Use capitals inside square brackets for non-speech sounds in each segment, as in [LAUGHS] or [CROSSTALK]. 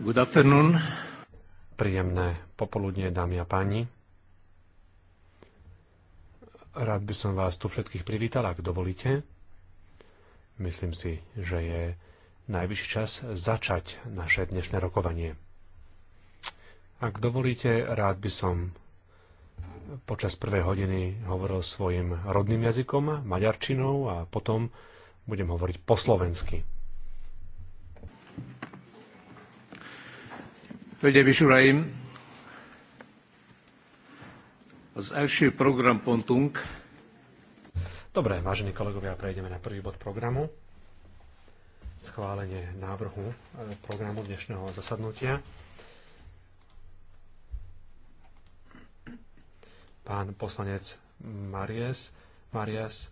Good afternoon. Príjemné popoludne, dámy a páni. Rád by som vás tu všetkých privítal, ak dovolíte. Myslím si, že je najvyšší čas začať naše dnešné rokovanie. Ak dovolíte, rád by som počas prvej hodiny hovoril svojim rodným jazykom, maďarčinou a potom budem hovoriť po slovensky. Hölgyeim és Uraim! Az első programpontunk. Dobre, vážení kolegovia, prejdeme na prvý bod programu. Schválenie návrhu e, programu dnešného zasadnutia. Pán poslanec Marias, Marias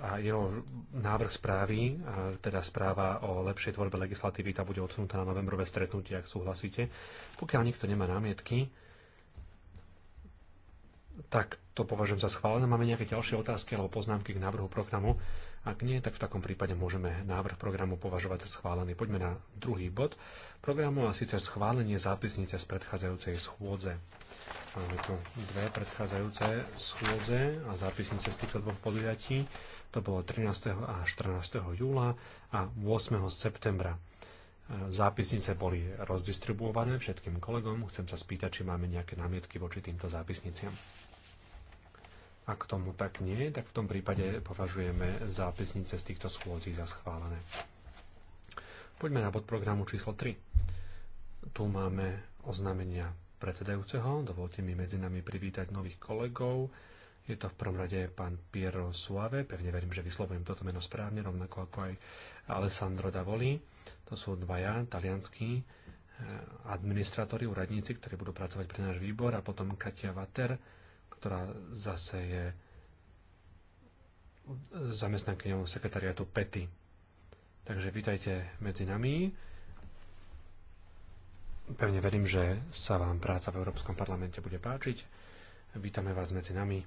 a jeho návrh správy, a teda správa o lepšej tvorbe legislatívy, tá bude odsunutá na novembrové stretnutie, ak súhlasíte. Pokiaľ nikto nemá námietky, tak to považujem za schválené. Máme nejaké ďalšie otázky alebo poznámky k návrhu programu? Ak nie, tak v takom prípade môžeme návrh programu považovať za schválený. Poďme na druhý bod programu a síce schválenie zápisnice z predchádzajúcej schôdze. Máme tu dve predchádzajúce schôdze a zápisnice z týchto dvoch podujatí to bolo 13. a 14. júla a 8. septembra. E, zápisnice boli rozdistribuované všetkým kolegom. Chcem sa spýtať, či máme nejaké námietky voči týmto zápisniciam. Ak tomu tak nie, tak v tom prípade považujeme zápisnice z týchto schôdzí za schválené. Poďme na podprogramu číslo 3. Tu máme oznámenia predsedajúceho. Dovolte mi medzi nami privítať nových kolegov. Je to v prvom rade pán Piero Suave, pevne verím, že vyslovujem toto meno správne, rovnako ako aj Alessandro Davoli. To sú dvaja talianskí eh, administratóri, úradníci, ktorí budú pracovať pre náš výbor a potom Katia Vater, ktorá zase je zamestnankyňou sekretariatu PETI. Takže vítajte medzi nami. Pevne verím, že sa vám práca v Európskom parlamente bude páčiť. Vítame vás medzi nami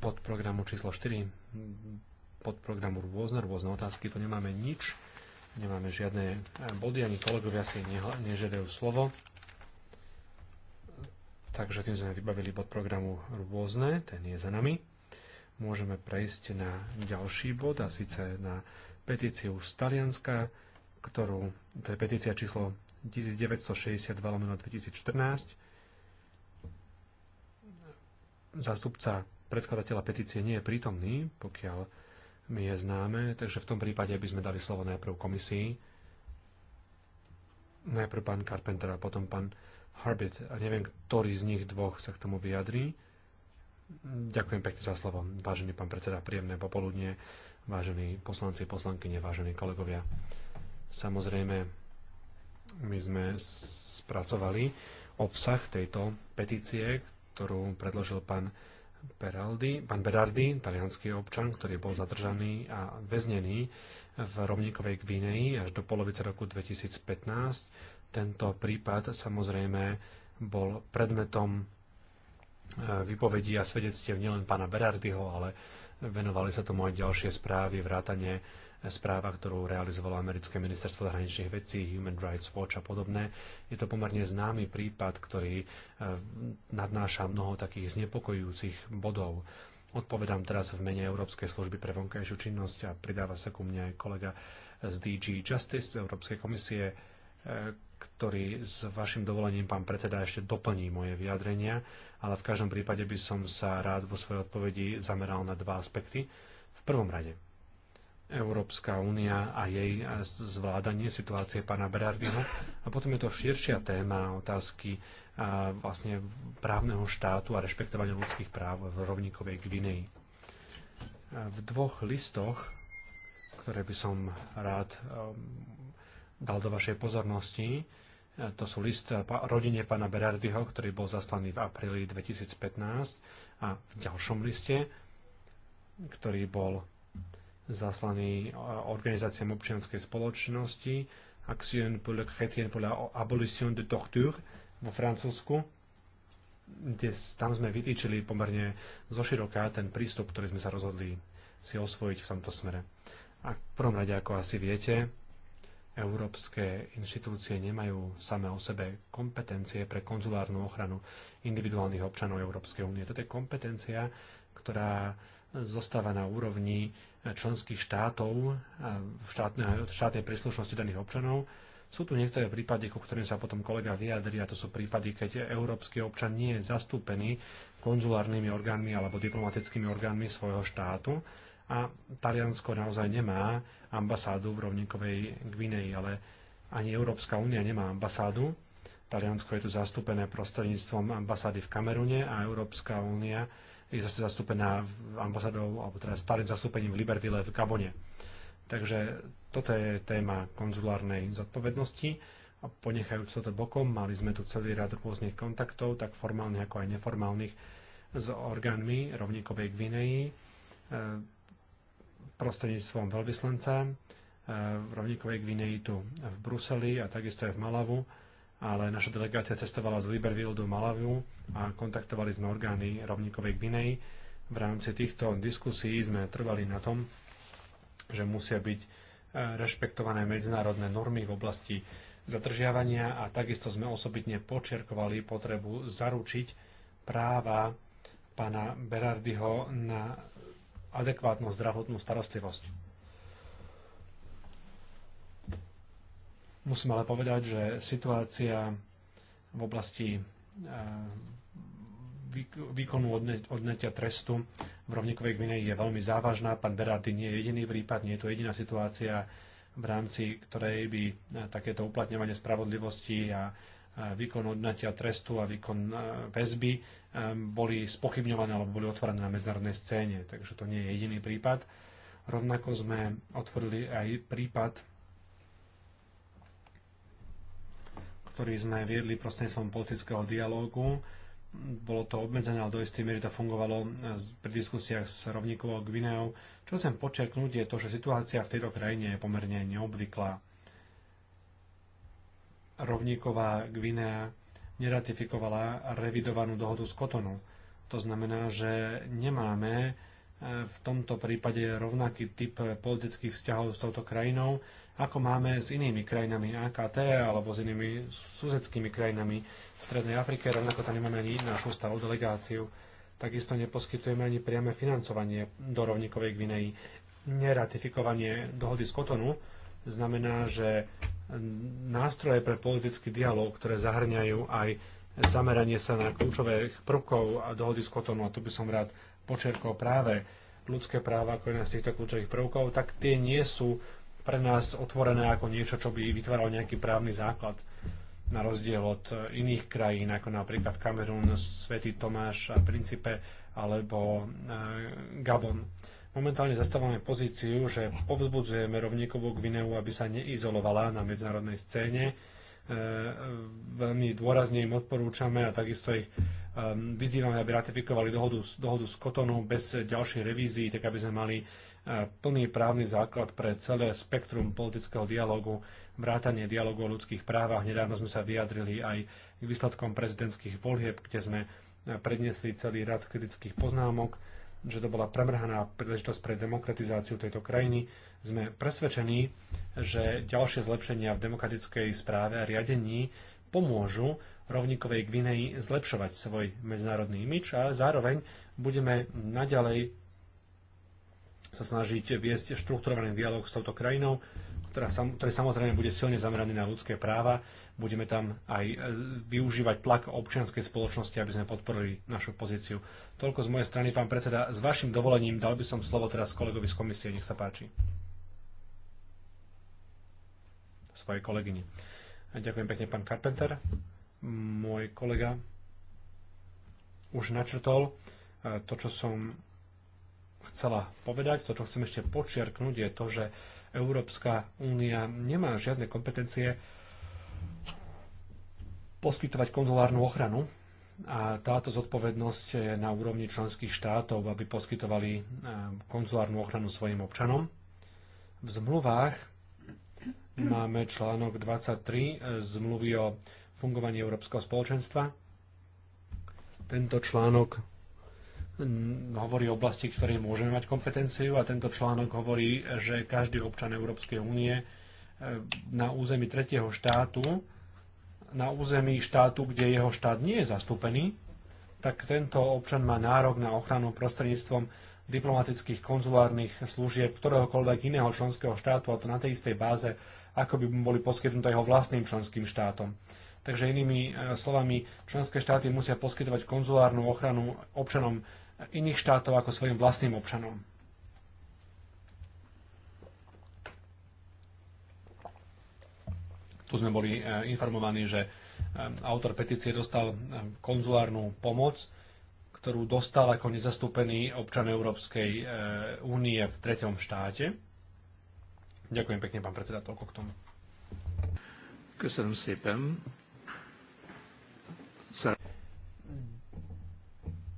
pod programu číslo 4, pod programu rôzne, rôzne otázky, tu nemáme nič, nemáme žiadne eh, body, ani kolegovia si nežerajú slovo. Takže tým sme vybavili pod programu rôzne, ten je za nami. Môžeme prejsť na ďalší bod a síce na petíciu z Talianska, ktorú, to je petícia číslo 1962 2014. Zastupca predkladateľa petície nie je prítomný, pokiaľ mi je známe, takže v tom prípade by sme dali slovo najprv komisii, najprv pán Carpenter a potom pán Harbit. A neviem, ktorý z nich dvoch sa k tomu vyjadrí. Ďakujem pekne za slovo. Vážený pán predseda, príjemné popoludne, vážení poslanci, poslankyne, vážení kolegovia. Samozrejme, my sme spracovali obsah tejto petície, ktorú predložil pán Beraldi, pán Berardi, talianský občan, ktorý bol zadržaný a väznený v Rovníkovej Gvineji až do polovice roku 2015. Tento prípad samozrejme bol predmetom e, vypovedí a svedectiev nielen pána Berardiho, ale venovali sa tomu aj ďalšie správy, vrátanie správa, ktorú realizovalo americké ministerstvo zahraničných vecí, Human Rights Watch a podobné. Je to pomerne známy prípad, ktorý e, nadnáša mnoho takých znepokojujúcich bodov. Odpovedám teraz v mene Európskej služby pre vonkajšiu činnosť a pridáva sa ku mne aj kolega z DG Justice z Európskej komisie, e, ktorý s vašim dovolením, pán predseda, ešte doplní moje vyjadrenia, ale v každom prípade by som sa rád vo svojej odpovedi zameral na dva aspekty. V prvom rade, Európska únia a jej zvládanie situácie pána Berardina. A potom je to širšia téma otázky a vlastne právneho štátu a rešpektovania ľudských práv v rovníkovej Gvineji. V dvoch listoch, ktoré by som rád um, dal do vašej pozornosti, e, to sú list e, rodine pána Berardiho, ktorý bol zaslaný v apríli 2015 a v ďalšom liste, ktorý bol zaslaný e, organizáciám občianskej spoločnosti Action pour le chrétien pour la abolition de torture vo Francúzsku. tam sme vytýčili pomerne zoširoká ten prístup, ktorý sme sa rozhodli si osvojiť v tomto smere. A v prvom rade, ako asi viete, Európske inštitúcie nemajú same o sebe kompetencie pre konzulárnu ochranu individuálnych občanov Európskej únie. Toto je kompetencia, ktorá zostáva na úrovni členských štátov, štátne, štátnej príslušnosti daných občanov. Sú tu niektoré prípady, ku ktorým sa potom kolega vyjadri, a to sú prípady, keď európsky občan nie je zastúpený konzulárnymi orgánmi alebo diplomatickými orgánmi svojho štátu a Taliansko naozaj nemá ambasádu v rovníkovej Gvineji, ale ani Európska únia nemá ambasádu. Taliansko je tu zastúpené prostredníctvom ambasády v Kamerune a Európska únia je zase zastúpená ambasadou, alebo teda starým zastúpením v Libertyle v Gabone. Takže toto je téma konzulárnej zodpovednosti. A ponechajúc toto bokom, mali sme tu celý rad rôznych kontaktov, tak formálnych ako aj neformálnych, s orgánmi rovníkovej Gvineji, e, prostredníctvom veľvyslanca e, v rovníkovej Gvineji tu v Bruseli a takisto aj v Malavu ale naša delegácia cestovala z Libervillu do Malaviu a kontaktovali sme orgány rovníkovej Gvinej. V rámci týchto diskusí sme trvali na tom, že musia byť e, rešpektované medzinárodné normy v oblasti zadržiavania a takisto sme osobitne počerkovali potrebu zaručiť práva pána Berardiho na adekvátnu zdravotnú starostlivosť. Musím ale povedať, že situácia v oblasti eh, výkonu odnetia trestu v rovnikovej Gvinej je veľmi závažná. Pán Berardy nie je jediný prípad, nie je to jediná situácia, v rámci ktorej by eh, takéto uplatňovanie spravodlivosti a eh, výkon odnatia trestu a výkon väzby boli spochybňované alebo boli otvorené na medzinárodnej scéne. Takže to nie je jediný prípad. Rovnako sme otvorili aj prípad ktorý sme viedli prostredníctvom politického dialógu. Bolo to obmedzené, ale do istej miery to fungovalo e, pri diskusiách s rovníkovou Gvineou. Čo chcem počerknúť je to, že situácia v tejto krajine je pomerne neobvyklá. Rovníková Gvinea neratifikovala revidovanú dohodu z Kotonu. To znamená, že nemáme e, v tomto prípade rovnaký typ politických vzťahov s touto krajinou, ako máme s inými krajinami AKT alebo s inými susedskými krajinami v Strednej Afrike, rovnako tam nemáme ani našu stálu delegáciu. Takisto neposkytujeme ani priame financovanie do rovníkovej Gvinei. Neratifikovanie dohody z Kotonu znamená, že nástroje pre politický dialog, ktoré zahrňajú aj zameranie sa na kľúčové prvkov a dohody z Kotonu, a tu by som rád počerkol práve ľudské práva ako jedna z týchto kľúčových prvkov, tak tie nie sú pre nás otvorené ako niečo, čo by vytváralo nejaký právny základ na rozdiel od e, iných krajín, ako napríklad Kamerún, Svetý Tomáš a Principe alebo e, Gabon. Momentálne zastávame pozíciu, že povzbudzujeme rovníkovú Gvineu, aby sa neizolovala na medzinárodnej scéne. E, veľmi dôrazne im odporúčame a takisto ich vyzývame, aby ratifikovali dohodu, dohodu s Kotonou bez ďalšej revízií, tak aby sme mali plný právny základ pre celé spektrum politického dialogu, vrátanie dialogu o ľudských právach. Nedávno sme sa vyjadrili aj k výsledkom prezidentských volieb, kde sme predniesli celý rad kritických poznámok, že to bola premrhaná príležitosť pre demokratizáciu tejto krajiny. Sme presvedčení, že ďalšie zlepšenia v demokratickej správe a riadení pomôžu rovníkovej Gvineji zlepšovať svoj medzinárodný imič a zároveň budeme naďalej sa snažiť viesť štrukturovaný dialog s touto krajinou, ktorá, ktorý samozrejme bude silne zameraný na ľudské práva. Budeme tam aj e, využívať tlak občianskej spoločnosti, aby sme podporili našu pozíciu. Toľko z mojej strany, pán predseda. S vašim dovolením dal by som slovo teraz kolegovi z komisie. Nech sa páči. Svojej kolegyni. Ďakujem pekne, pán Carpenter. Môj kolega už načrtol e, to, čo som chcela povedať, to, čo chcem ešte počiarknúť, je to, že Európska únia nemá žiadne kompetencie poskytovať konzulárnu ochranu a táto zodpovednosť je na úrovni členských štátov, aby poskytovali e, konzulárnu ochranu svojim občanom. V zmluvách máme článok 23 e, zmluvy o fungovaní Európskeho spoločenstva. Tento článok hovorí o oblasti, ktorej môžeme mať kompetenciu a tento článok hovorí, že každý občan Európskej únie e, na území tretieho štátu, na území štátu, kde jeho štát nie je zastúpený, tak tento občan má nárok na ochranu prostredníctvom diplomatických konzulárnych služieb ktoréhokoľvek iného členského štátu a to na tej istej báze, ako by boli poskytnuté jeho vlastným členským štátom. Takže inými e, slovami, členské štáty musia poskytovať konzulárnu ochranu občanom iných štátov ako svojim vlastným občanom. Tu sme boli e, informovaní, že e, autor petície dostal e, konzulárnu pomoc, ktorú dostal ako nezastúpený občan Európskej únie v treťom štáte. Ďakujem pekne, pán predseda, toľko k tomu. Köszönöm szépen.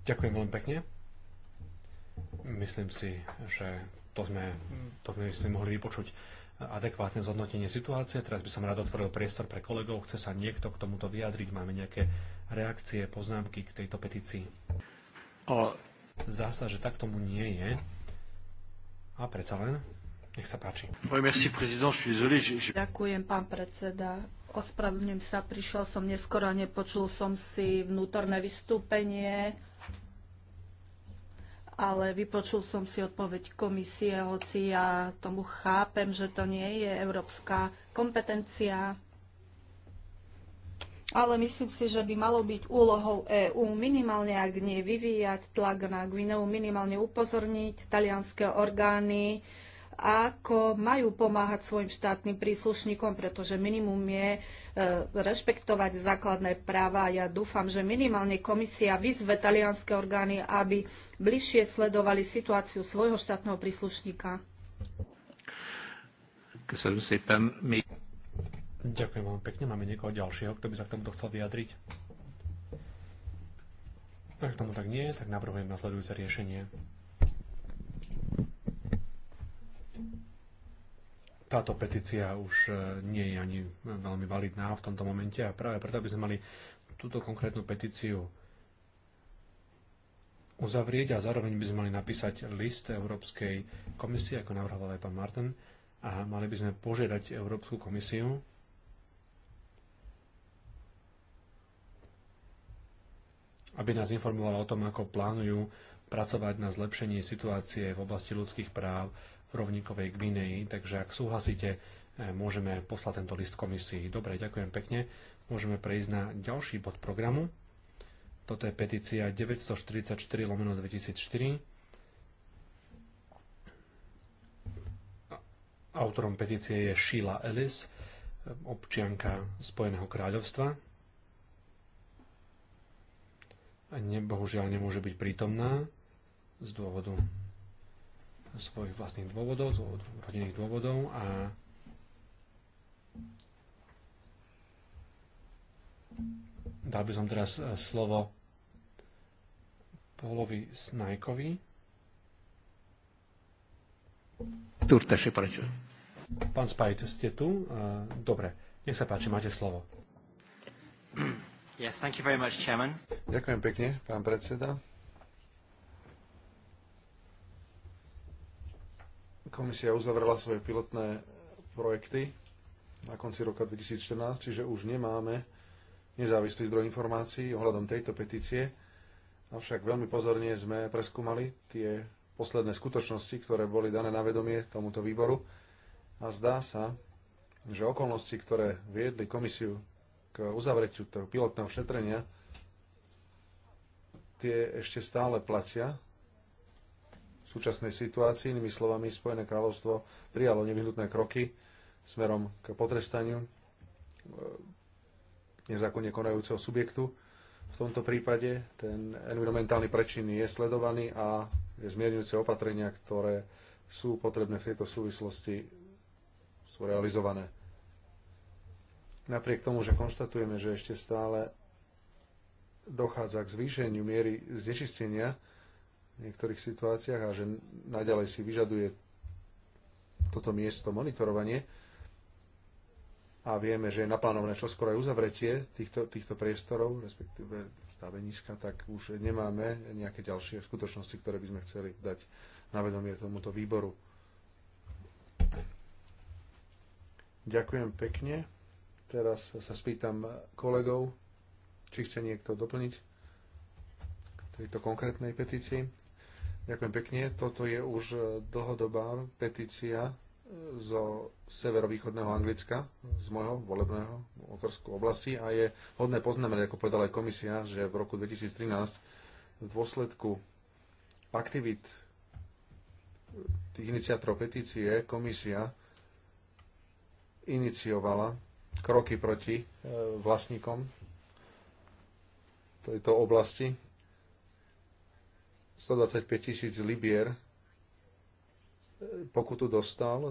Ďakujem veľmi pekne. Myslím si, že to sme, to sme si mohli vypočuť adekvátne zhodnotenie situácie. Teraz by som rád otvoril priestor pre kolegov. Chce sa niekto k tomuto vyjadriť? Máme nejaké reakcie, poznámky k tejto petícii? O... Zdá sa, že tak tomu nie je. A predsa len, nech sa páči. Ďakujem, pán predseda. Ospravedlňujem sa, prišiel som neskoro a nepočul som si vnútorné vystúpenie ale vypočul som si odpoveď komisie, hoci ja tomu chápem, že to nie je európska kompetencia. Ale myslím si, že by malo byť úlohou EÚ minimálne, ak nie vyvíjať tlak na Guineu, minimálne upozorniť talianské orgány, ako majú pomáhať svojim štátnym príslušníkom, pretože minimum je e, rešpektovať základné práva. Ja dúfam, že minimálne komisia vyzve talianské orgány, aby bližšie sledovali situáciu svojho štátneho príslušníka. Ďakujem vám pekne. Máme niekoho ďalšieho, kto by sa k tomuto chcel vyjadriť? Ak tomu tak nie, tak navrhujem nasledujúce riešenie táto petícia už e, nie je ani veľmi validná v tomto momente a práve preto by sme mali túto konkrétnu petíciu uzavrieť a zároveň by sme mali napísať list Európskej komisie, ako navrhoval aj pán Martin, a mali by sme požiadať Európsku komisiu, aby nás informovala o tom, ako plánujú pracovať na zlepšení situácie v oblasti ľudských práv rovníkovej Gvineji, takže ak súhlasíte, eh, môžeme poslať tento list komisii. Dobre, ďakujem pekne. Môžeme prejsť na ďalší bod programu. Toto je petícia 944 lomeno 2004. Autorom petície je Sheila Ellis, občianka Spojeného kráľovstva. Ne, bohužiaľ nemôže byť prítomná z dôvodu svojich vlastných dôvodov, z rodinných dôvodov a dal by som teraz e, slovo Polovi Snajkovi. Turtaše, prečo? Pán Spajt, ste tu? E, dobre, nech sa páči, máte slovo. Yes, thank you very much, chairman. Ďakujem pekne, pán predseda. komisia uzavrela svoje pilotné projekty na konci roka 2014, čiže už nemáme nezávislý zdroj informácií ohľadom tejto petície, avšak veľmi pozorne sme preskúmali tie posledné skutočnosti, ktoré boli dané na vedomie tomuto výboru a zdá sa, že okolnosti, ktoré viedli komisiu k uzavretiu toho pilotného šetrenia, tie ešte stále platia súčasnej situácii. Inými slovami, Spojené kráľovstvo prijalo nevyhnutné kroky smerom k potrestaniu e, nezákonne konajúceho subjektu. V tomto prípade ten environmentálny prečin je sledovaný a je zmierňujúce opatrenia, ktoré sú potrebné v tejto súvislosti, sú realizované. Napriek tomu, že konštatujeme, že ešte stále dochádza k zvýšeniu miery znečistenia, v niektorých situáciách a že naďalej si vyžaduje toto miesto monitorovanie a vieme, že je naplánované čoskoro aj uzavretie týchto, týchto priestorov, respektíve staveniska, tak už nemáme nejaké ďalšie skutočnosti, ktoré by sme chceli dať na vedomie tomuto výboru. Ďakujem pekne. Teraz sa spýtam kolegov, či chce niekto doplniť k tejto konkrétnej petícii. Ďakujem pekne. Toto je už e, dlhodobá petícia e, zo severovýchodného Anglicka, z môjho volebného okrsku oblasti a je hodné poznamenať, ako povedala aj komisia, že v roku 2013 v dôsledku aktivít e, tých iniciátorov petície komisia iniciovala kroky proti vlastníkom tejto oblasti 125 tisíc libier e, pokutu dostal e,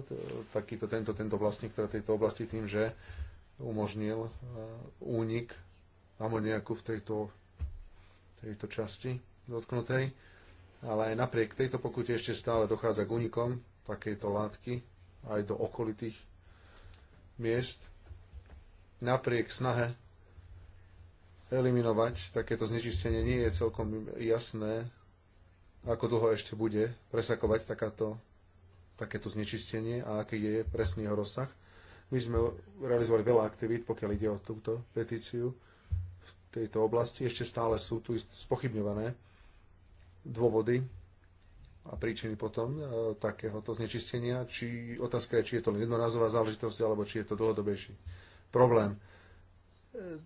takýto tento, tento vlastník teda tejto oblasti tým, že umožnil e, únik amoniaku v tejto, tejto časti dotknutej. Ale aj napriek tejto pokute ešte stále dochádza k únikom takejto látky aj do okolitých miest. Napriek snahe eliminovať takéto znečistenie nie je celkom jasné, ako dlho ešte bude presakovať takáto, takéto znečistenie a aký je presný jeho rozsah. My sme realizovali veľa aktivít, pokiaľ ide o túto petíciu v tejto oblasti. Ešte stále sú tu spochybňované dôvody a príčiny potom e, takéhoto znečistenia. Či, otázka je, či je to len jednorazová záležitosť, alebo či je to dlhodobejší problém. E,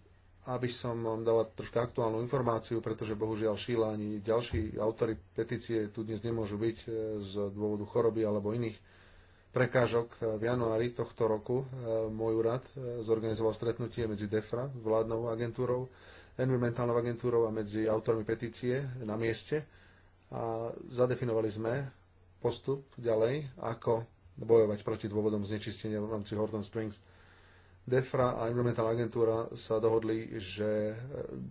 aby som vám dala troška aktuálnu informáciu, pretože bohužiaľ Šíla ani ďalší autory petície tu dnes nemôžu byť e, z dôvodu choroby alebo iných prekážok. E, v januári tohto roku e, môj úrad zorganizoval stretnutie medzi DEFRA, vládnou agentúrou, environmentálnou agentúrou a medzi autormi petície na mieste a zadefinovali sme postup ďalej, ako bojovať proti dôvodom znečistenia v rámci Horton Springs DEFRA a environmentálna agentúra sa dohodli, že e,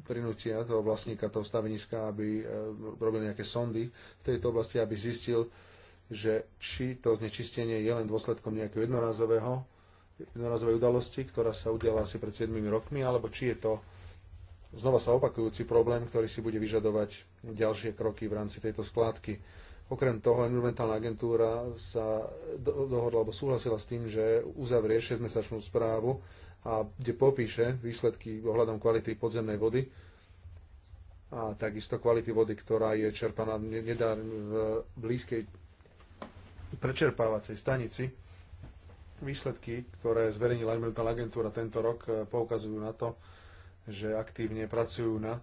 prinútia toho vlastníka, toho staveniska, aby e, robil nejaké sondy v tejto oblasti, aby zistil, že či to znečistenie je len dôsledkom nejakého jednorazového, jednorazovej udalosti, ktorá sa udiala asi pred 7 rokmi, alebo či je to znova sa opakujúci problém, ktorý si bude vyžadovať ďalšie kroky v rámci tejto skládky. Okrem toho, environmentálna agentúra sa dohodla alebo súhlasila s tým, že uzavrie 6-mesačnú správu, a kde popíše výsledky ohľadom kvality podzemnej vody a takisto kvality vody, ktorá je čerpaná nedá v blízkej prečerpávacej stanici. Výsledky, ktoré zverejnila environmentálna agentúra tento rok, eh, poukazujú na to, že aktívne pracujú na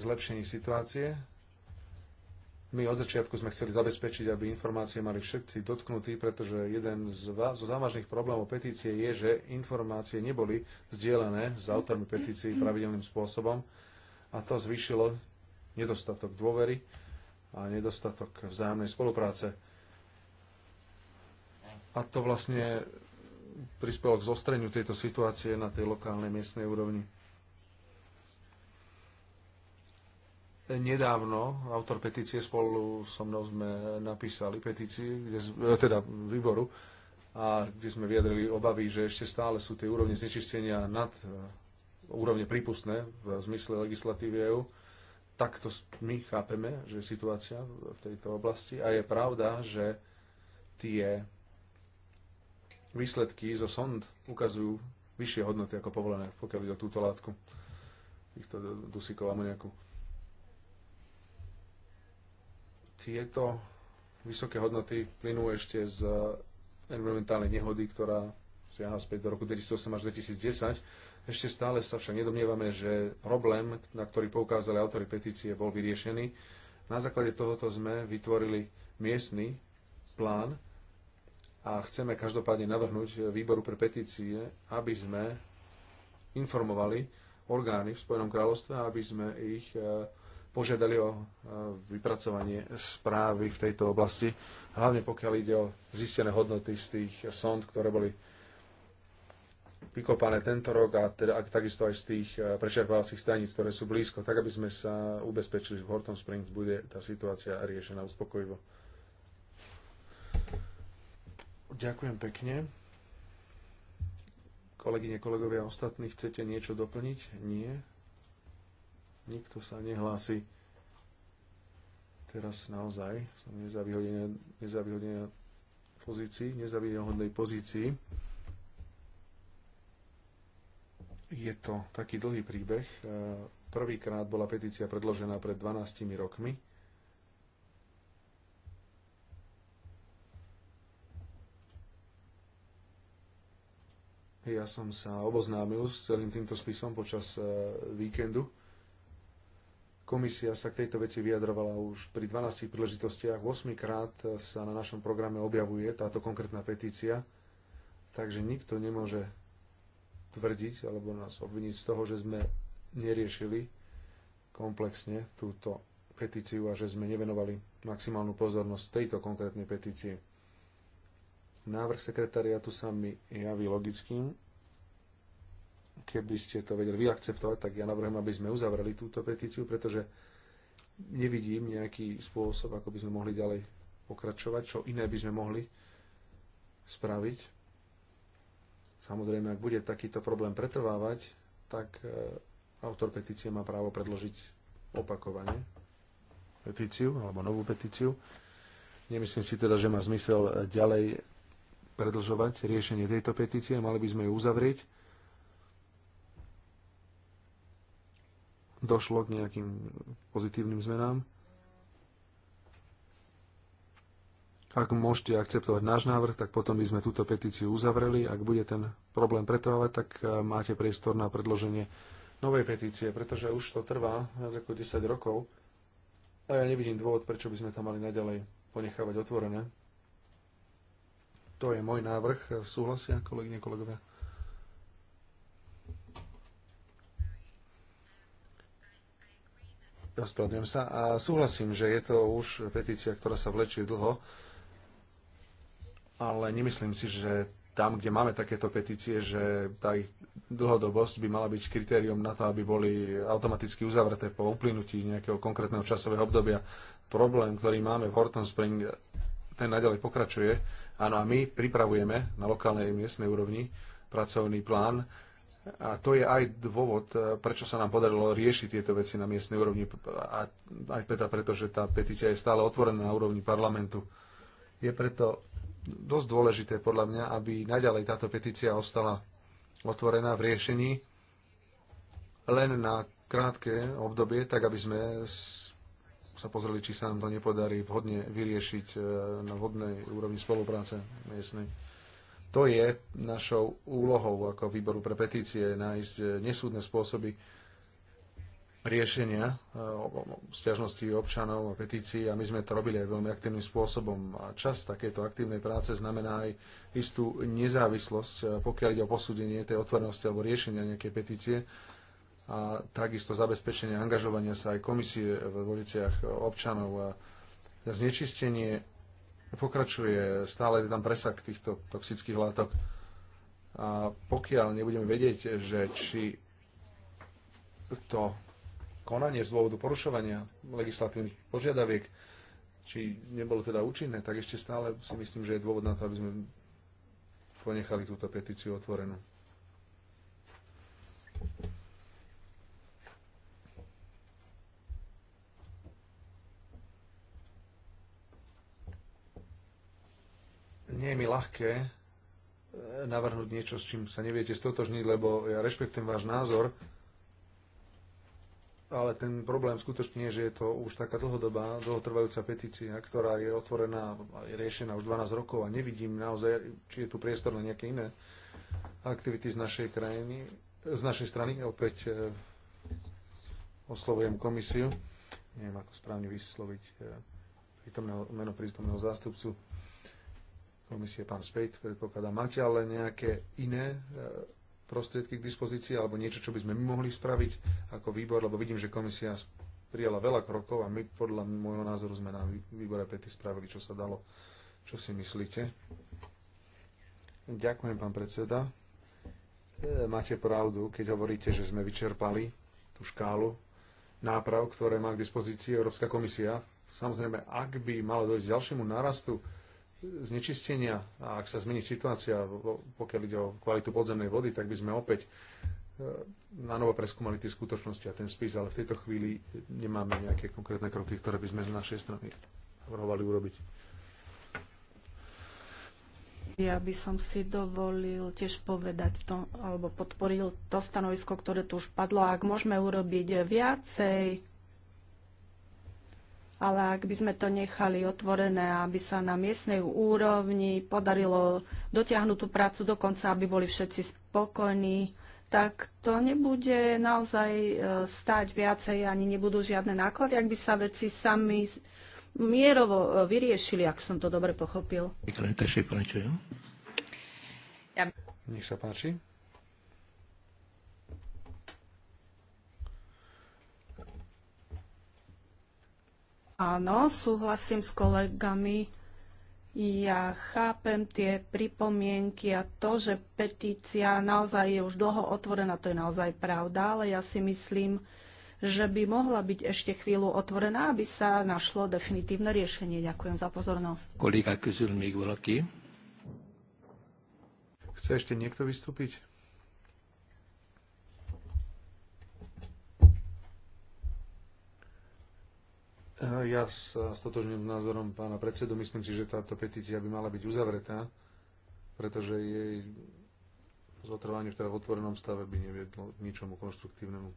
zlepšení situácie my od začiatku sme chceli zabezpečiť, aby informácie mali všetci dotknutí, pretože jeden z zo závažných problémov petície je, že informácie neboli zdieľané s autormi petícií pravidelným spôsobom a to zvýšilo nedostatok dôvery a nedostatok vzájomnej spolupráce. A to vlastne prispelo k zostreniu tejto situácie na tej lokálnej miestnej úrovni. Nedávno autor petície spolu so mnou sme napísali petíciu kde, e, teda výboru, a kde sme vyjadrili obavy, že ešte stále sú tie úrovne znečistenia nad e, úrovne prípustné v zmysle legislatívy EU. Takto my chápeme, že je situácia v tejto oblasti a je pravda, že tie výsledky zo sond ukazujú vyššie hodnoty ako povolené, pokiaľ ide o túto látku, týchto dusíkov amoniaku. Tieto vysoké hodnoty plynú ešte z eh, environmentálnej nehody, ktorá siaha späť do roku 2008 až 2010. Ešte stále sa však nedomnievame, že problém, na ktorý poukázali autory petície, bol vyriešený. Na základe tohoto sme vytvorili miestny plán a chceme každopádne navrhnúť výboru pre petície, aby sme informovali orgány v Spojenom kráľovstve, aby sme ich eh, požiadali o e, vypracovanie správy v tejto oblasti, hlavne pokiaľ ide o zistené hodnoty z tých sond, ktoré boli vykopané tento rok a, teda, a takisto aj z tých e, prečerpávacích staníc, ktoré sú blízko, tak aby sme sa ubezpečili, že v Horton Springs bude tá situácia riešená uspokojivo. Ďakujem pekne. Kolegyne, kolegovia, ostatní chcete niečo doplniť? Nie? Nikto sa nehlási. Teraz naozaj som nezavyhodený, nezavyhodený pozícii, nezavýhodnej pozícii. Je to taký dlhý príbeh. E, prvýkrát bola petícia predložená pred 12 rokmi. Ja som sa oboznámil s celým týmto spisom počas e, víkendu. Komisia sa k tejto veci vyjadrovala už pri 12 príležitostiach. 8 krát sa na našom programe objavuje táto konkrétna petícia, takže nikto nemôže tvrdiť alebo nás obviniť z toho, že sme neriešili komplexne túto petíciu a že sme nevenovali maximálnu pozornosť tejto konkrétnej petície. Návrh sekretariatu sa mi javí logickým, keby ste to vedeli vyakceptovať, tak ja navrhujem, aby sme uzavreli túto petíciu, pretože nevidím nejaký spôsob, ako by sme mohli ďalej pokračovať, čo iné by sme mohli spraviť. Samozrejme, ak bude takýto problém pretrvávať, tak e, autor petície má právo predložiť opakovane petíciu alebo novú petíciu. Nemyslím si teda, že má zmysel ďalej predlžovať riešenie tejto petície, mali by sme ju uzavrieť došlo k nejakým pozitívnym zmenám. Ak môžete akceptovať náš návrh, tak potom by sme túto petíciu uzavreli. Ak bude ten problém pretrvávať, tak eh, máte priestor na predloženie novej petície, pretože už to trvá viac ako 10 rokov a ja nevidím dôvod, prečo by sme to mali naďalej ponechávať otvorené. To je môj návrh. Súhlasia, kolegyne, kolegovia? Ospravedlňujem sa a súhlasím, že je to už petícia, ktorá sa vlečie dlho, ale nemyslím si, že tam, kde máme takéto petície, že tá ich dlhodobosť by mala byť kritérium na to, aby boli automaticky uzavreté po uplynutí nejakého konkrétneho časového obdobia. Problém, ktorý máme v Horton Spring, ten naďalej pokračuje. Áno, a my pripravujeme na lokálnej miestnej úrovni pracovný plán, a to je aj dôvod, e, prečo sa nám podarilo riešiť tieto veci na miestnej úrovni. A aj teda preto, že tá petícia je stále otvorená na úrovni parlamentu. Je preto dosť dôležité podľa mňa, aby naďalej táto petícia ostala otvorená v riešení len na krátke obdobie, tak aby sme sa pozreli, či sa nám to nepodarí vhodne vyriešiť e, na vhodnej úrovni spolupráce miestnej. To je našou úlohou ako výboru pre petície nájsť eh, nesúdne spôsoby riešenia eh, stiažností občanov a petícií a my sme to robili aj veľmi aktívnym spôsobom. A čas takéto aktívnej práce znamená aj istú nezávislosť, eh, pokiaľ ide o posúdenie tej otvorenosti alebo riešenia nejakej petície a takisto zabezpečenie angažovania sa aj komisie v voliciach občanov a znečistenie pokračuje, stále je tam presak týchto toxických látok. A pokiaľ nebudeme vedieť, že či to konanie z dôvodu porušovania legislatívnych požiadaviek, či nebolo teda účinné, tak ešte stále si myslím, že je dôvod na to, aby sme ponechali túto petíciu otvorenú. nie je mi ľahké eh, navrhnúť niečo, s čím sa neviete stotožniť, lebo ja rešpektujem váš názor, ale ten problém skutočne je, že je to už taká dlhodobá, dlhotrvajúca petícia, ktorá je otvorená a je riešená už 12 rokov a nevidím naozaj, či je tu priestor na nejaké iné aktivity z našej krajiny, z našej strany. Opäť eh, oslovujem komisiu. Neviem, ako správne vysloviť eh, prítomného, meno prítomného zástupcu komisie, pán Spejt, predpokladá, máte ale nejaké iné e, prostriedky k dispozícii alebo niečo, čo by sme my mohli spraviť ako výbor, lebo vidím, že komisia prijala veľa krokov a my podľa môjho názoru sme na výbore pety spravili, čo sa dalo. Čo si myslíte? Ďakujem, pán predseda. E, máte pravdu, keď hovoríte, že sme vyčerpali tú škálu náprav, ktoré má k dispozícii Európska komisia. Samozrejme, ak by malo dojsť ďalšiemu narastu znečistenia a ak sa zmení situácia, pokiaľ ide o kvalitu podzemnej vody, tak by sme opäť e, na novo preskúmali tie skutočnosti a ten spis, ale v tejto chvíli nemáme nejaké konkrétne kroky, ktoré by sme z našej strany navrhovali urobiť. Ja by som si dovolil tiež povedať v tom, alebo podporil to stanovisko, ktoré tu už padlo. Ak môžeme urobiť viacej, ale ak by sme to nechali otvorené, aby sa na miestnej úrovni podarilo dotiahnuť tú prácu do konca, aby boli všetci spokojní, tak to nebude naozaj e, stať viacej, ani nebudú žiadne náklady, ak by sa veci sami mierovo e, vyriešili, ak som to dobre pochopil. Nech sa páči. Áno, súhlasím s kolegami. Ja chápem tie pripomienky a to, že petícia naozaj je už dlho otvorená, to je naozaj pravda, ale ja si myslím, že by mohla byť ešte chvíľu otvorená, aby sa našlo definitívne riešenie. Ďakujem za pozornosť. Kolika kuzilmík Migvolaki. Chce ešte niekto vystúpiť? Eh, ja sa stotožňujem názorom pána predsedu. Myslím si, že táto petícia by mala byť uzavretá, pretože jej zotrvanie teda v otvorenom stave by neviedlo k ničomu konštruktívnemu.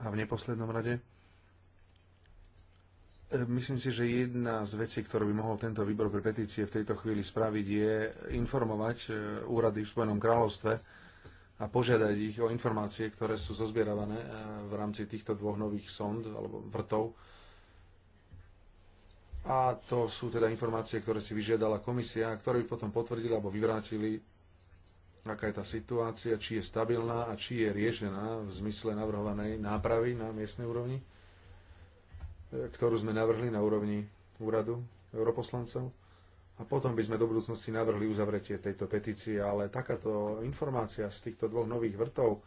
A v neposlednom rade, eh, myslím si, že jedna z vecí, ktorú by mohol tento výbor pre petície v tejto chvíli spraviť, je informovať eh, úrady v Spojenom kráľovstve, a požiadať ich o informácie, ktoré sú zozbieravané e, v rámci týchto dvoch nových sond alebo vrtov. A to sú teda informácie, ktoré si vyžiadala komisia, ktoré by potom potvrdili alebo vyvrátili, aká je tá situácia, či je stabilná a či je riešená v zmysle navrhovanej nápravy na miestnej úrovni, e, ktorú sme navrhli na úrovni úradu europoslancov a potom by sme do budúcnosti navrhli uzavretie tejto petície, ale takáto informácia z týchto dvoch nových vrtov,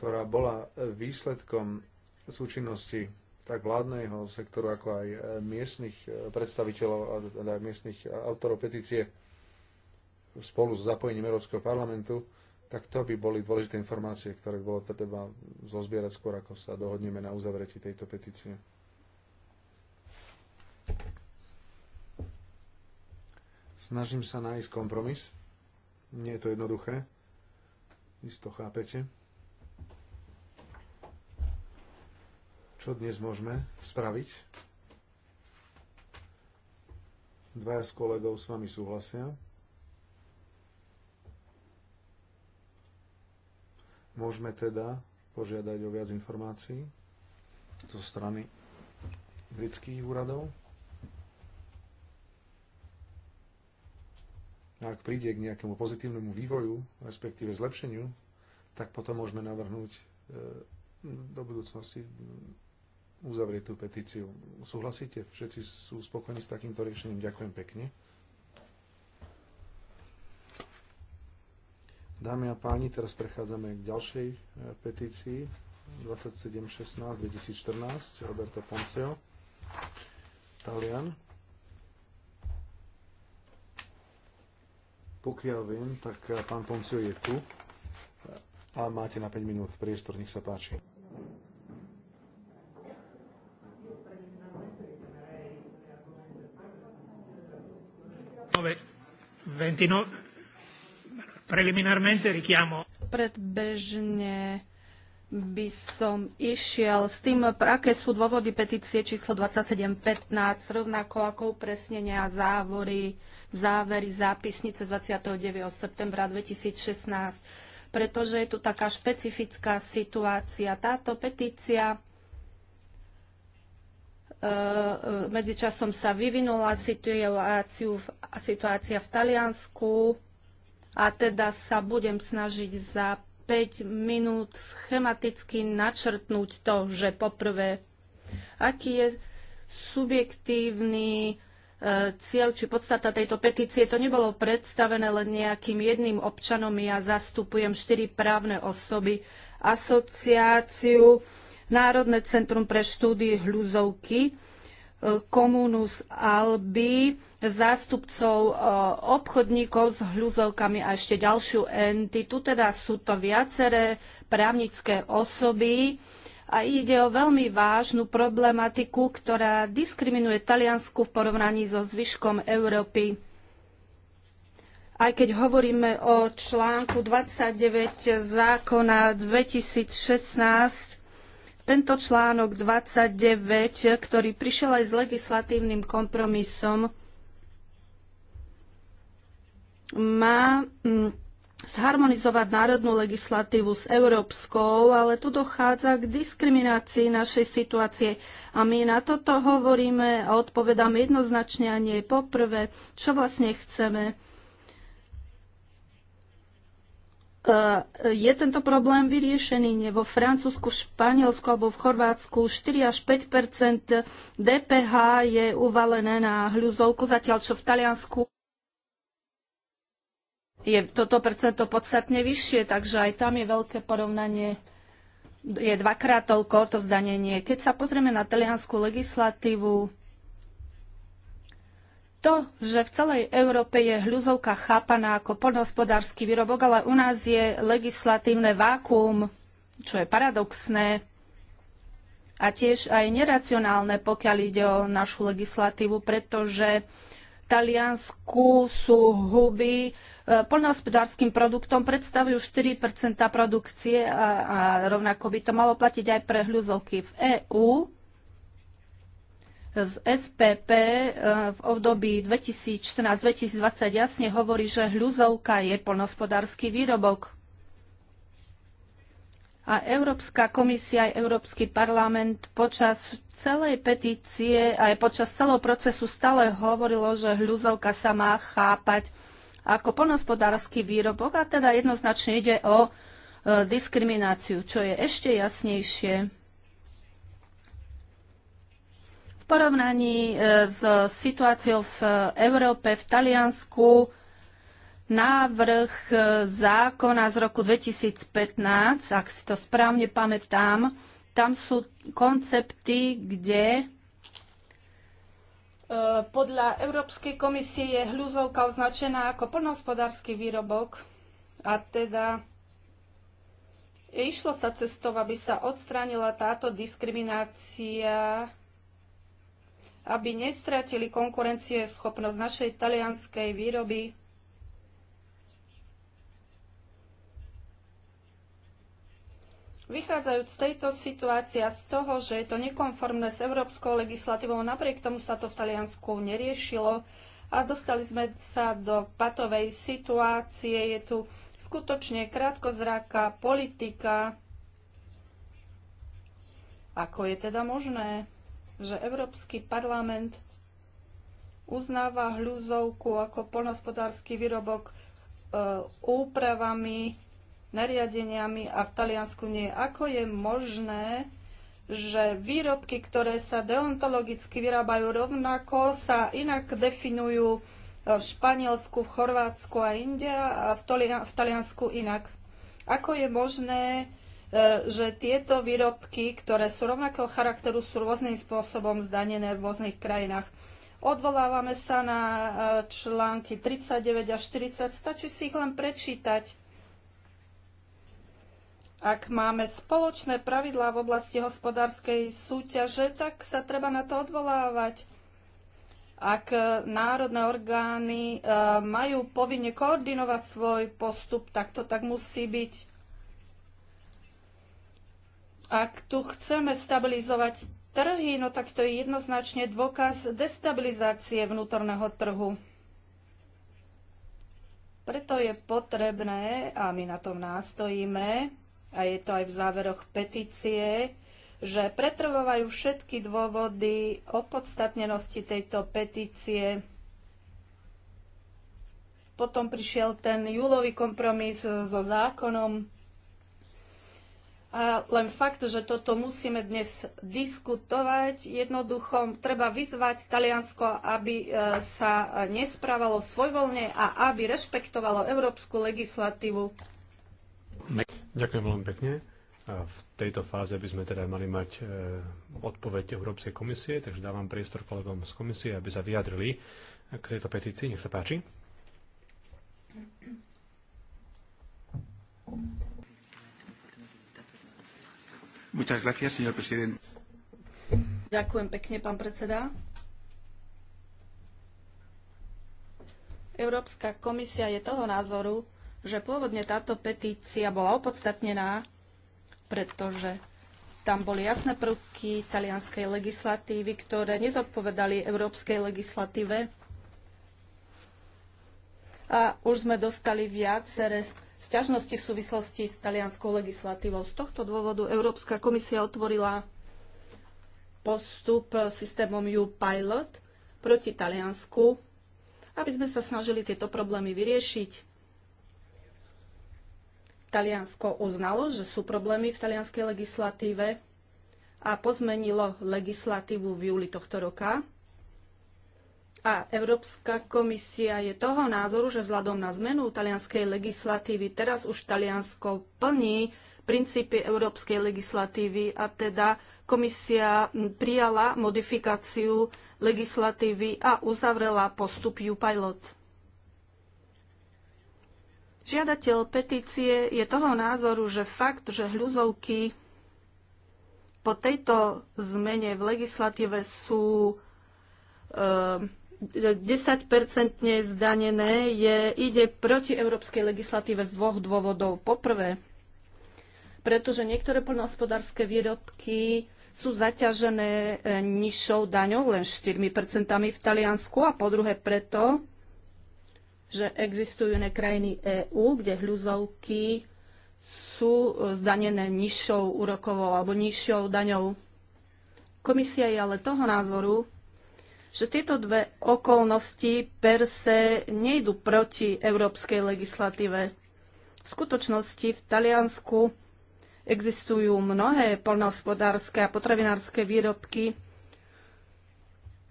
ktorá bola e, výsledkom súčinnosti tak vládneho sektoru, ako aj e, miestnych e, predstaviteľov, teda miestnych autorov petície spolu s zapojením Európskeho parlamentu, tak to by boli dôležité informácie, ktoré bolo treba zozbierať skôr, ako sa dohodneme na uzavretí tejto petície. Snažím sa nájsť kompromis. Nie je to jednoduché. Isto chápete. Čo dnes môžeme spraviť? Dvaja z kolegov s vami súhlasia. Môžeme teda požiadať o viac informácií zo strany britských úradov. ak príde k nejakému pozitívnemu vývoju, respektíve zlepšeniu, tak potom môžeme navrhnúť e, do budúcnosti uzavrieť tú petíciu. Súhlasíte? Všetci sú spokojní s takýmto riešením. Ďakujem pekne. Dámy a páni, teraz prechádzame k ďalšej e, petícii 2716 2014 Roberto Ponceo, Talian. Pokiaľ viem, tak eh, pán Poncio je tu a máte na 5 minút priestor, nech sa páči. Preliminarmente richiamo. Predbežne by som išiel s tým, aké sú dôvody petície číslo 2715, rovnako ako upresnenia závory, závery zápisnice 29. septembra 2016, pretože je tu taká špecifická situácia. Táto petícia e, e, medzičasom sa vyvinula situáciu, situácia v Taliansku a teda sa budem snažiť za 5 minút schematicky načrtnúť to, že poprvé, aký je subjektívny e, cieľ či podstata tejto petície. To nebolo predstavené len nejakým jedným občanom. Ja zastupujem štyri právne osoby. Asociáciu, Národné centrum pre štúdie hľuzovky, e, Komunus Albi, zástupcov obchodníkov s hľuzovkami a ešte ďalšiu entitu. Teda sú to viaceré právnické osoby a ide o veľmi vážnu problematiku, ktorá diskriminuje Taliansku v porovnaní so zvyškom Európy. Aj keď hovoríme o článku 29 zákona 2016, tento článok 29, ktorý prišiel aj s legislatívnym kompromisom, má mm, zharmonizovať národnú legislatívu s európskou, ale tu dochádza k diskriminácii našej situácie. A my na toto hovoríme a odpovedáme jednoznačne a nie poprvé, čo vlastne chceme. E, je tento problém vyriešený? Nie. Vo Francúzsku, Španielsku alebo v Chorvátsku 4 až 5 DPH je uvalené na hľuzovku, zatiaľ čo v Taliansku je toto percento podstatne vyššie, takže aj tam je veľké porovnanie je dvakrát toľko to zdanenie. Keď sa pozrieme na taliansku legislatívu, to, že v celej Európe je hľuzovka chápaná ako podhospodársky výrobok, ale u nás je legislatívne vákuum, čo je paradoxné a tiež aj neracionálne, pokiaľ ide o našu legislatívu, pretože v Taliansku sú huby, E, poľnohospodárským produktom predstavujú 4 produkcie a, a rovnako by to malo platiť aj pre hľuzovky v EÚ. Z SPP e, v období 2014-2020 jasne hovorí, že hľuzovka je poľnohospodársky výrobok. A Európska komisia aj Európsky parlament počas celej petície aj počas celého procesu stále hovorilo, že hľuzovka sa má chápať ako plnospodársky výrobok a teda jednoznačne ide o e, diskrimináciu, čo je ešte jasnejšie v porovnaní e, s situáciou v Európe, v Taliansku, návrh e, zákona z roku 2015, ak si to správne pamätám, tam sú koncepty, kde E, podľa Európskej komisie je hľuzovka označená ako plnohospodársky výrobok a teda išlo sa cestou, aby sa odstránila táto diskriminácia, aby nestratili konkurencie schopnosť našej talianskej výroby Vychádzajúc z tejto a z toho, že je to nekonformné s európskou legislatívou, napriek tomu sa to v Taliansku neriešilo a dostali sme sa do patovej situácie. Je tu skutočne krátkozráka politika. Ako je teda možné, že Európsky parlament uznáva hľuzovku ako polnospodársky výrobok e, úpravami nariadeniami a v Taliansku nie. Ako je možné, že výrobky, ktoré sa deontologicky vyrábajú rovnako, sa inak definujú v Španielsku, v Chorvátsku a inde a v, Tolia- v Taliansku inak? Ako je možné, e, že tieto výrobky, ktoré sú rovnakého charakteru, sú rôznym spôsobom zdanené v rôznych krajinách. Odvolávame sa na e, články 39 a 40, stačí si ich len prečítať. Ak máme spoločné pravidlá v oblasti hospodárskej súťaže, tak sa treba na to odvolávať. Ak e, národné orgány e, majú povinne koordinovať svoj postup, tak to tak musí byť. Ak tu chceme stabilizovať trhy, no tak to je jednoznačne dôkaz destabilizácie vnútorného trhu. Preto je potrebné, a my na tom nástojíme, a je to aj v záveroch petície, že pretrvávajú všetky dôvody opodstatnenosti tejto petície. Potom prišiel ten júlový kompromis so zákonom. A len fakt, že toto musíme dnes diskutovať, jednoducho treba vyzvať Taliansko, aby e, sa nesprávalo svojvoľne a aby rešpektovalo európsku legislatívu. Ďakujem veľmi pekne. A v tejto fáze by sme teda mali mať e, odpoveď Európskej komisie, takže dávam priestor kolegom z komisie, aby sa vyjadrili k tejto petícii. Nech sa páči. Ďakujem pekne, pán predseda. Európska komisia je toho názoru, že pôvodne táto petícia bola opodstatnená, pretože tam boli jasné prvky talianskej legislatívy, ktoré nezodpovedali európskej legislatíve. A už sme dostali viaceré sťažnosti v súvislosti s talianskou legislatívou. Z tohto dôvodu Európska komisia otvorila postup systémom U-Pilot proti Taliansku, aby sme sa snažili tieto problémy vyriešiť. Taliansko uznalo, že sú problémy v talianskej legislatíve a pozmenilo legislatívu v júli tohto roka. A Európska komisia je toho názoru, že vzhľadom na zmenu talianskej legislatívy teraz už Taliansko plní princípy európskej legislatívy a teda komisia prijala modifikáciu legislatívy a uzavrela postup U-Pilot. Žiadateľ petície je toho názoru, že fakt, že hľuzovky po tejto zmene v legislatíve sú 10-percentne e, zdanené, je, ide proti európskej legislatíve z dvoch dôvodov. Poprvé, pretože niektoré poľnohospodárske výrobky sú zaťažené e, nižšou daňou, len 4% v Taliansku a po druhé preto, že existujú iné krajiny EÚ, kde hľuzovky sú zdanené nižšou úrokovou alebo nižšou daňou. Komisia je ale toho názoru, že tieto dve okolnosti per se nejdu proti európskej legislatíve. V skutočnosti v Taliansku existujú mnohé poľnohospodárske a potravinárske výrobky,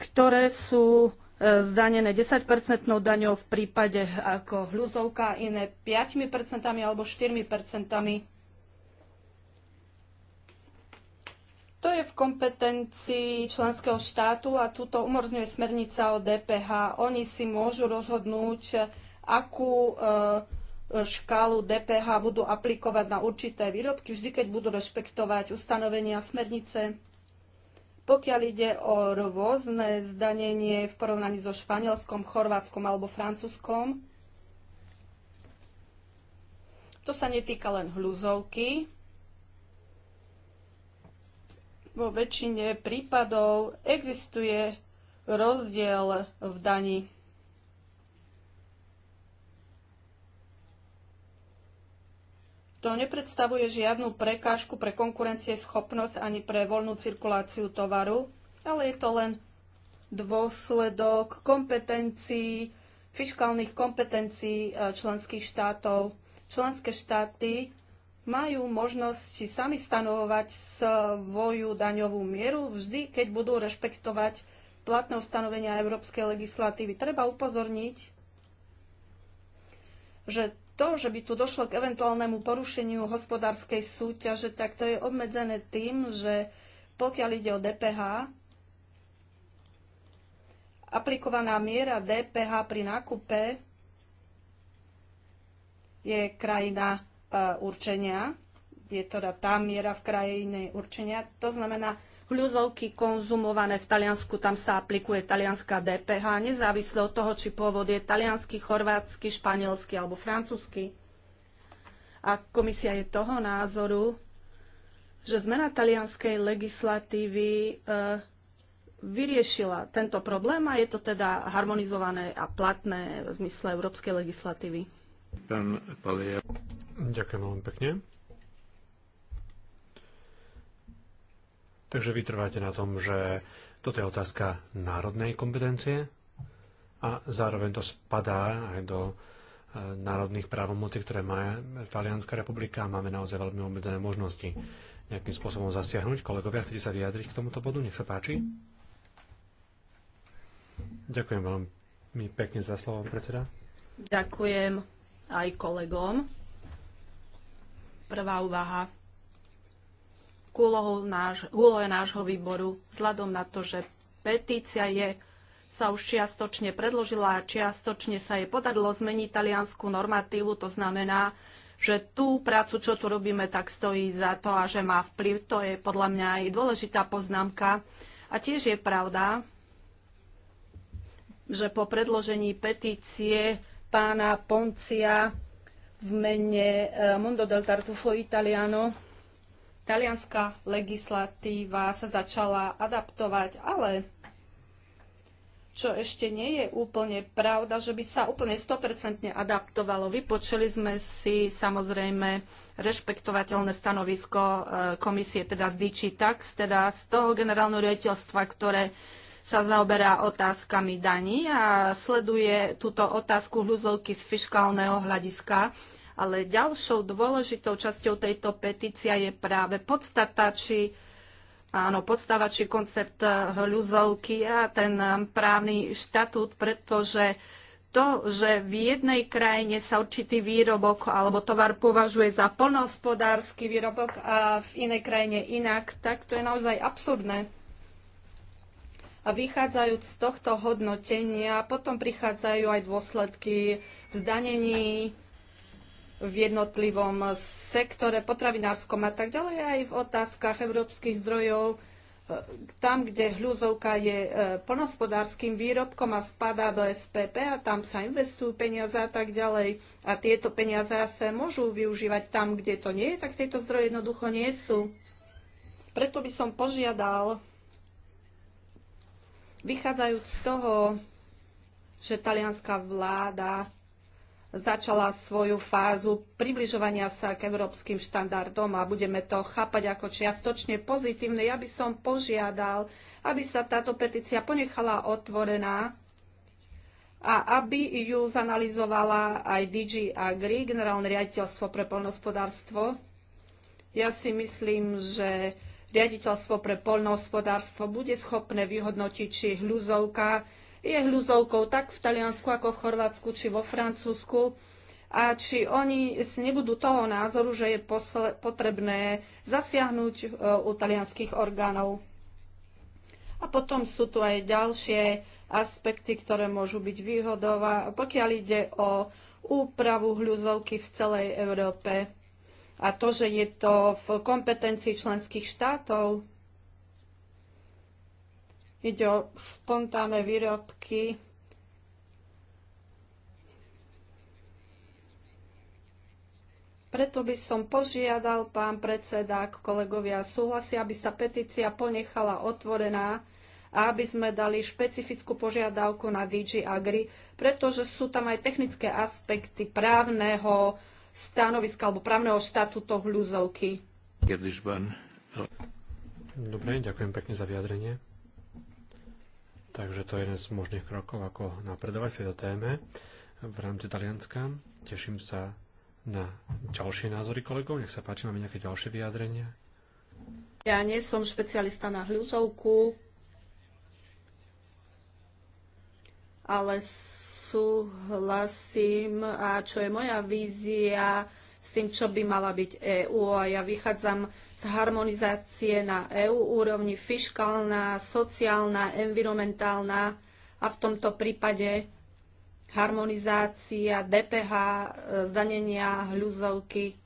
ktoré sú E, zdanené 10-percentnou daňou v prípade ako hľuzovka, iné 5% percentami alebo 4%. To je v kompetencii členského štátu a túto umorzňuje smernica o DPH. Oni si môžu rozhodnúť, akú e, škálu DPH budú aplikovať na určité výrobky, vždy keď budú rešpektovať ustanovenia smernice pokiaľ ide o rôzne zdanenie v porovnaní so Španielskom, Chorvátskom alebo Francúzskom, to sa netýka len hľuzovky. Vo väčšine prípadov existuje rozdiel v daní To nepredstavuje žiadnu prekážku pre konkurencieschopnosť ani pre voľnú cirkuláciu tovaru, ale je to len dôsledok kompetencií, fiskálnych kompetencií e, členských štátov. Členské štáty majú možnosť si sami stanovovať svoju daňovú mieru vždy, keď budú rešpektovať platné ustanovenia európskej legislatívy. Treba upozorniť, že to, že by tu došlo k eventuálnemu porušeniu hospodárskej súťaže, tak to je obmedzené tým, že pokiaľ ide o DPH, aplikovaná miera DPH pri nákupe je krajina e, určenia, je teda tá miera v krajine určenia. To znamená, Hľudovky konzumované v Taliansku, tam sa aplikuje talianská DPH, nezávisle od toho, či pôvod je taliansky, chorvátsky, španielsky alebo francúzsky. A komisia je toho názoru, že zmena talianskej legislatívy e, vyriešila tento problém a je to teda harmonizované a platné v zmysle európskej legislatívy. Ďakujem veľmi pekne. Takže vytrváte na tom, že toto je otázka národnej kompetencie a zároveň to spadá aj do e, národných právomocí, ktoré má Talianská republika. Máme naozaj veľmi obmedzené možnosti nejakým spôsobom zasiahnuť. Kolegovia, chcete sa vyjadriť k tomuto bodu? Nech sa páči. Ďakujem veľmi pekne za slovo, predseda. Ďakujem aj kolegom. Prvá uvaha úlohou náš, úlohe nášho výboru, vzhľadom na to, že petícia je, sa už čiastočne predložila a čiastočne sa jej podarilo zmeniť taliansku normatívu. To znamená, že tú prácu, čo tu robíme, tak stojí za to a že má vplyv. To je podľa mňa aj dôležitá poznámka. A tiež je pravda, že po predložení petície pána Poncia v mene eh, Mondo del Tartufo Italiano talianská legislatíva sa začala adaptovať, ale čo ešte nie je úplne pravda, že by sa úplne 100% adaptovalo. Vypočuli sme si samozrejme rešpektovateľné stanovisko e, komisie, teda z DG Tax, teda z toho generálneho riaditeľstva, ktoré sa zaoberá otázkami daní a sleduje túto otázku hľuzovky z fiskálneho hľadiska ale ďalšou dôležitou časťou tejto petícia je práve podstata, či áno, podstava, či koncept eh, hľuzovky a ten eh, právny štatút, pretože to, že v jednej krajine sa určitý výrobok alebo tovar považuje za plnohospodársky výrobok a v inej krajine inak, tak to je naozaj absurdné. A vychádzajúc z tohto hodnotenia, potom prichádzajú aj dôsledky v zdanení, v jednotlivom sektore potravinárskom a tak ďalej, aj v otázkach európskych zdrojov, e, tam, kde hľuzovka je e, plnospodárským výrobkom a spadá do SPP a tam sa investujú peniaze a tak ďalej. A tieto peniaze sa môžu využívať tam, kde to nie je, tak tieto zdroje jednoducho nie sú. Preto by som požiadal, vychádzajúc z toho, že talianská vláda začala svoju fázu približovania sa k európskym štandardom a budeme to chápať ako čiastočne pozitívne. Ja by som požiadal, aby sa táto petícia ponechala otvorená a aby ju zanalizovala aj DG Agri, generálne riaditeľstvo pre poľnohospodárstvo. Ja si myslím, že riaditeľstvo pre poľnohospodárstvo bude schopné vyhodnotiť, či hľuzovka je hľuzovkou tak v Taliansku, ako v Chorvátsku či vo Francúzsku. A či oni si nebudú toho názoru, že je potrebné zasiahnuť e, u talianských orgánov. A potom sú tu aj ďalšie aspekty, ktoré môžu byť výhodová, pokiaľ ide o úpravu hľuzovky v celej Európe a to, že je to v kompetencii členských štátov. Ide o spontánne výrobky. Preto by som požiadal pán predseda, ak kolegovia súhlasia, aby sa petícia ponechala otvorená a aby sme dali špecifickú požiadavku na DG Agri, pretože sú tam aj technické aspekty právneho stanoviska alebo právneho štatúto hľuzovky. Dobre, ďakujem pekne za vyjadrenie. Takže to je jeden z možných krokov, ako napredovať v tejto téme v rámci Talianska. Teším sa na ďalšie názory kolegov. Nech sa páči, máme nejaké ďalšie vyjadrenia. Ja nie som špecialista na hľuzovku, ale súhlasím a čo je moja vízia s tým, čo by mala byť EÚ a ja vychádzam harmonizácie na EU úrovni fiškálna, sociálna, environmentálna a v tomto prípade harmonizácia DPH, e, zdanenia, hľuzovky.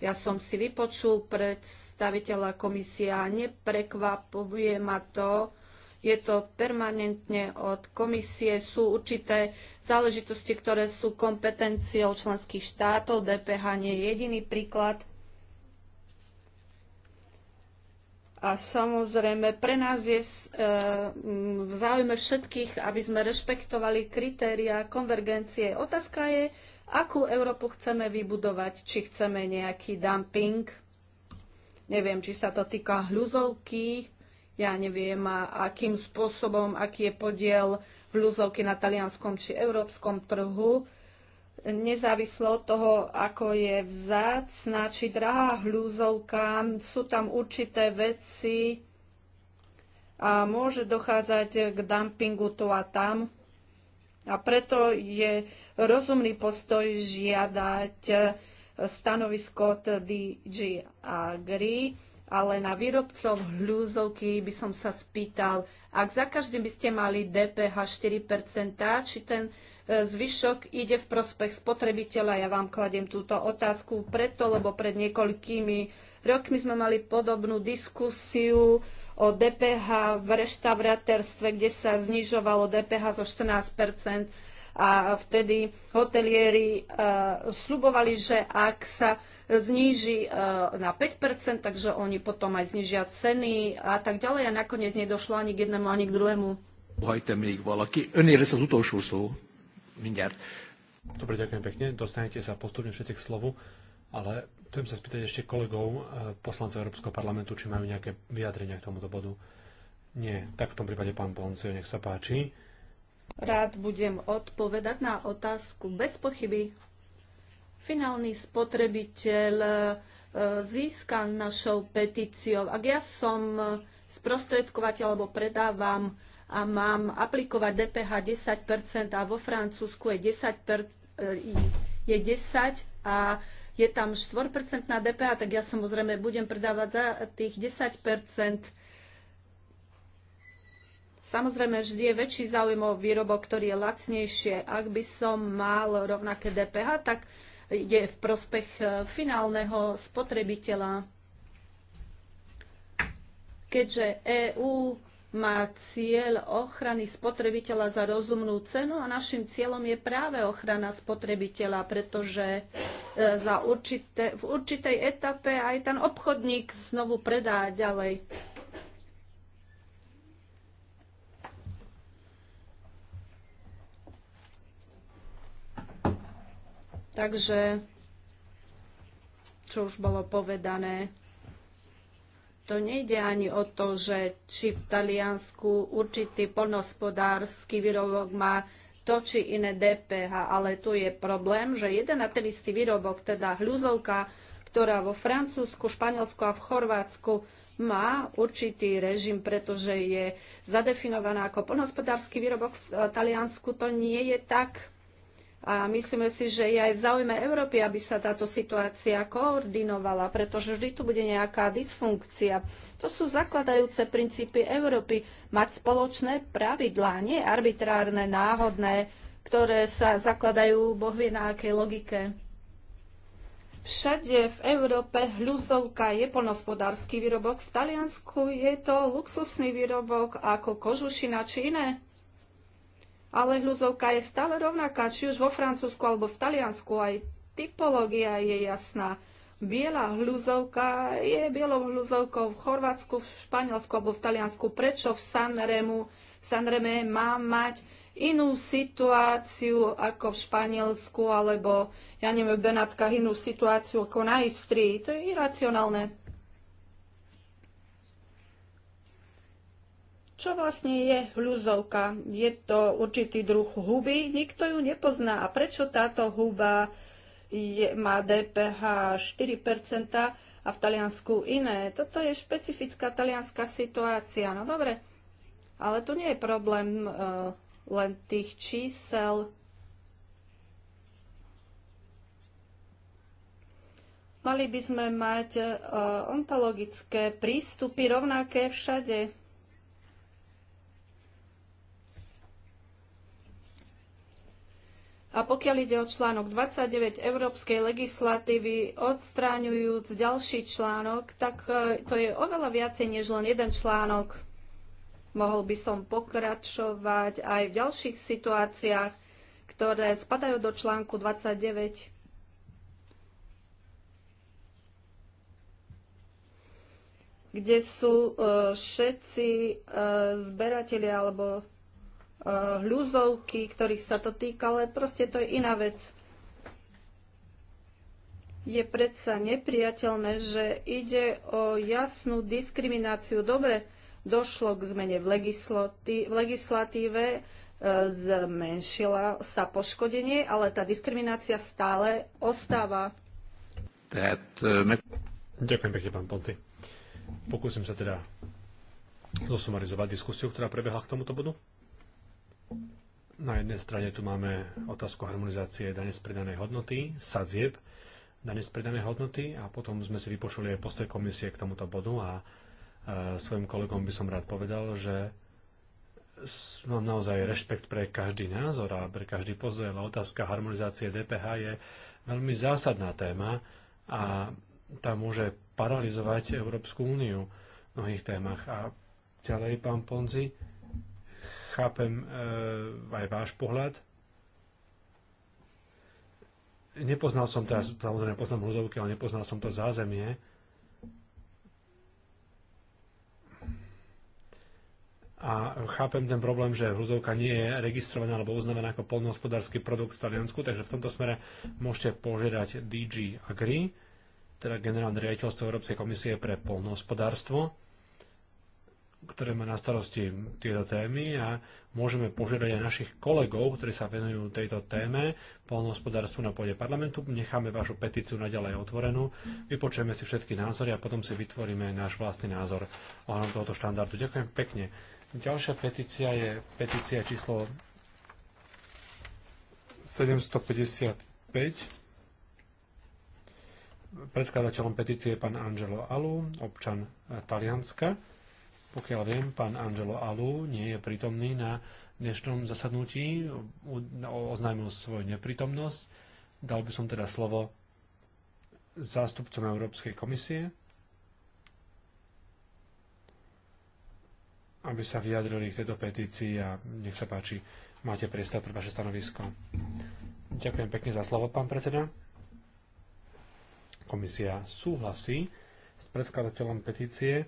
Ja som si vypočul predstaviteľa komisia, neprekvapuje ma to, je to permanentne od komisie. Sú určité záležitosti, ktoré sú kompetenciou členských štátov. DPH nie je jediný príklad A samozrejme, pre nás je e, v záujme všetkých, aby sme rešpektovali kritéria konvergencie. Otázka je, akú Európu chceme vybudovať, či chceme nejaký dumping. Neviem, či sa to týka hľuzovky, ja neviem, a akým spôsobom, aký je podiel hľuzovky na talianskom či európskom trhu nezávislo od toho, ako je vzácna či drahá hľúzovka, sú tam určité veci a môže dochádzať k dumpingu tu a tam. A preto je rozumný postoj žiadať eh, stanovisko od DG Agri, ale na výrobcov hľúzovky by som sa spýtal, ak za každým by ste mali DPH 4%, či ten Zvyšok ide v prospech spotrebiteľa. Ja vám kladiem túto otázku preto, lebo pred niekoľkými rokmi sme mali podobnú diskusiu o DPH v reštauratérstve, kde sa znižovalo DPH zo 14 a vtedy hotelieri uh, e, slubovali, že ak sa zníži uh, na 5%, takže oni potom aj znižia ceny a tak ďalej a nakoniec nedošlo ani k jednému, ani k druhému. Hajte még valaki. Önére az utolsó szó mindjárt. Dobre, ďakujem pekne. Dostanete sa postupne všetci k slovu, ale chcem sa spýtať ešte kolegov, eh, poslancov Európskeho parlamentu, či majú nejaké vyjadrenia k tomuto bodu. Nie, tak v tom prípade pán Poncio, nech sa páči. Rád budem odpovedať na otázku bez pochyby. Finálny spotrebiteľ eh, získal našou petíciou. Ak ja som eh, sprostredkovateľ alebo predávam a mám aplikovať DPH 10% a vo Francúzsku je 10, e, je 10 a je tam 4% na DPH, tak ja samozrejme budem predávať za tých 10%. Samozrejme, vždy je väčší záujem o výrobok, ktorý je lacnejšie. Ak by som mal rovnaké DPH, tak ide v prospech e, finálneho spotrebiteľa. Keďže EÚ má cieľ ochrany spotrebiteľa za rozumnú cenu a našim cieľom je práve ochrana spotrebiteľa, pretože e, za určité, v určitej etape aj ten obchodník znovu predá ďalej. Takže, čo už bolo povedané, to nejde ani o to, že či v Taliansku určitý polnospodársky výrobok má to či iné DPH, ale tu je problém, že jeden a ten istý výrobok, teda hľuzovka, ktorá vo Francúzsku, Španielsku a v Chorvátsku má určitý režim, pretože je zadefinovaná ako polnospodársky výrobok. V e, Taliansku to nie je tak. A myslíme si, že je aj v záujme Európy, aby sa táto situácia koordinovala, pretože vždy tu bude nejaká dysfunkcia. To sú zakladajúce princípy Európy. Mať spoločné pravidlá, nie arbitrárne, náhodné, ktoré sa zakladajú bohvie na akej logike. Všade v Európe hľuzovka je ponospodársky výrobok, v Taliansku je to luxusný výrobok ako kožušina či iné ale hľuzovka je stále rovnaká, či už vo Francúzsku alebo v Taliansku. Aj typológia je jasná. Biela hľuzovka je bielou hľuzovkou v Chorvátsku, v Španielsku alebo v Taliansku. Prečo v Sanremu? V Sanreme má mať inú situáciu ako v Španielsku alebo, ja neviem, v Benátkach inú situáciu ako na Istrii. To je iracionálne. Čo vlastne je hľuzovka? Je to určitý druh huby, nikto ju nepozná. A prečo táto huba je, má DPH 4% a v Taliansku iné? Toto je špecifická talianská situácia. No dobre, ale to nie je problém uh, len tých čísel. Mali by sme mať uh, ontologické prístupy rovnaké všade. A pokiaľ ide o článok 29 európskej legislatívy, odstráňujúc ďalší článok, tak e, to je oveľa viacej než len jeden článok. Mohol by som pokračovať aj v ďalších situáciách, ktoré spadajú do článku 29. kde sú e, všetci e, zberatelia alebo hľuzovky, eh, ktorých sa to týka, ale proste to je iná vec. Je predsa nepriateľné, že ide o jasnú diskrimináciu. Dobre, došlo k zmene v, legislatí- v legislatíve, e, zmenšila sa poškodenie, ale tá diskriminácia stále ostáva. Eh, Ďakujem pekne, pán Ponci. Pokúsim sa teda zosumarizovať diskusiu, ktorá prebehla k tomuto bodu. Na jednej strane tu máme otázku harmonizácie dane z pridanej hodnoty, sadzieb dane z pridanej hodnoty a potom sme si vypočuli aj postoj komisie k tomuto bodu a e, svojim kolegom by som rád povedal, že mám naozaj rešpekt pre každý názor a pre každý pozor, ale otázka harmonizácie DPH je veľmi zásadná téma a tá môže paralizovať Európsku úniu v mnohých témach. A ďalej, pán Ponzi, Chápem e, aj váš pohľad. Nepoznal som teraz, samozrejme poznám hľudovky, ale nepoznal som to zázemie. A chápem ten problém, že hľudovka nie je registrovaná alebo uznamená ako polnohospodársky produkt v Taliansku, takže v tomto smere môžete požiadať DG Agri, teda generálne riaditeľstvo Európskej komisie pre polnohospodárstvo, ktoré má na starosti tieto témy a môžeme požiadať aj našich kolegov, ktorí sa venujú tejto téme, polnohospodárstvu na pôde parlamentu. Necháme vašu petíciu naďalej otvorenú, vypočujeme si všetky názory a potom si vytvoríme náš vlastný názor ohľadom tohoto štandardu. Ďakujem pekne. Ďalšia petícia je petícia číslo 755. Predkladateľom petície je pán Angelo Alu, občan Talianska. Pokiaľ viem, pán Angelo Alu nie je prítomný na dnešnom zasadnutí, oznámil svoju neprítomnosť. Dal by som teda slovo zástupcom Európskej komisie, aby sa vyjadrili k tejto petícii a nech sa páči, máte priestor pre vaše stanovisko. Ďakujem pekne za slovo, pán predseda. Komisia súhlasí s predkladateľom petície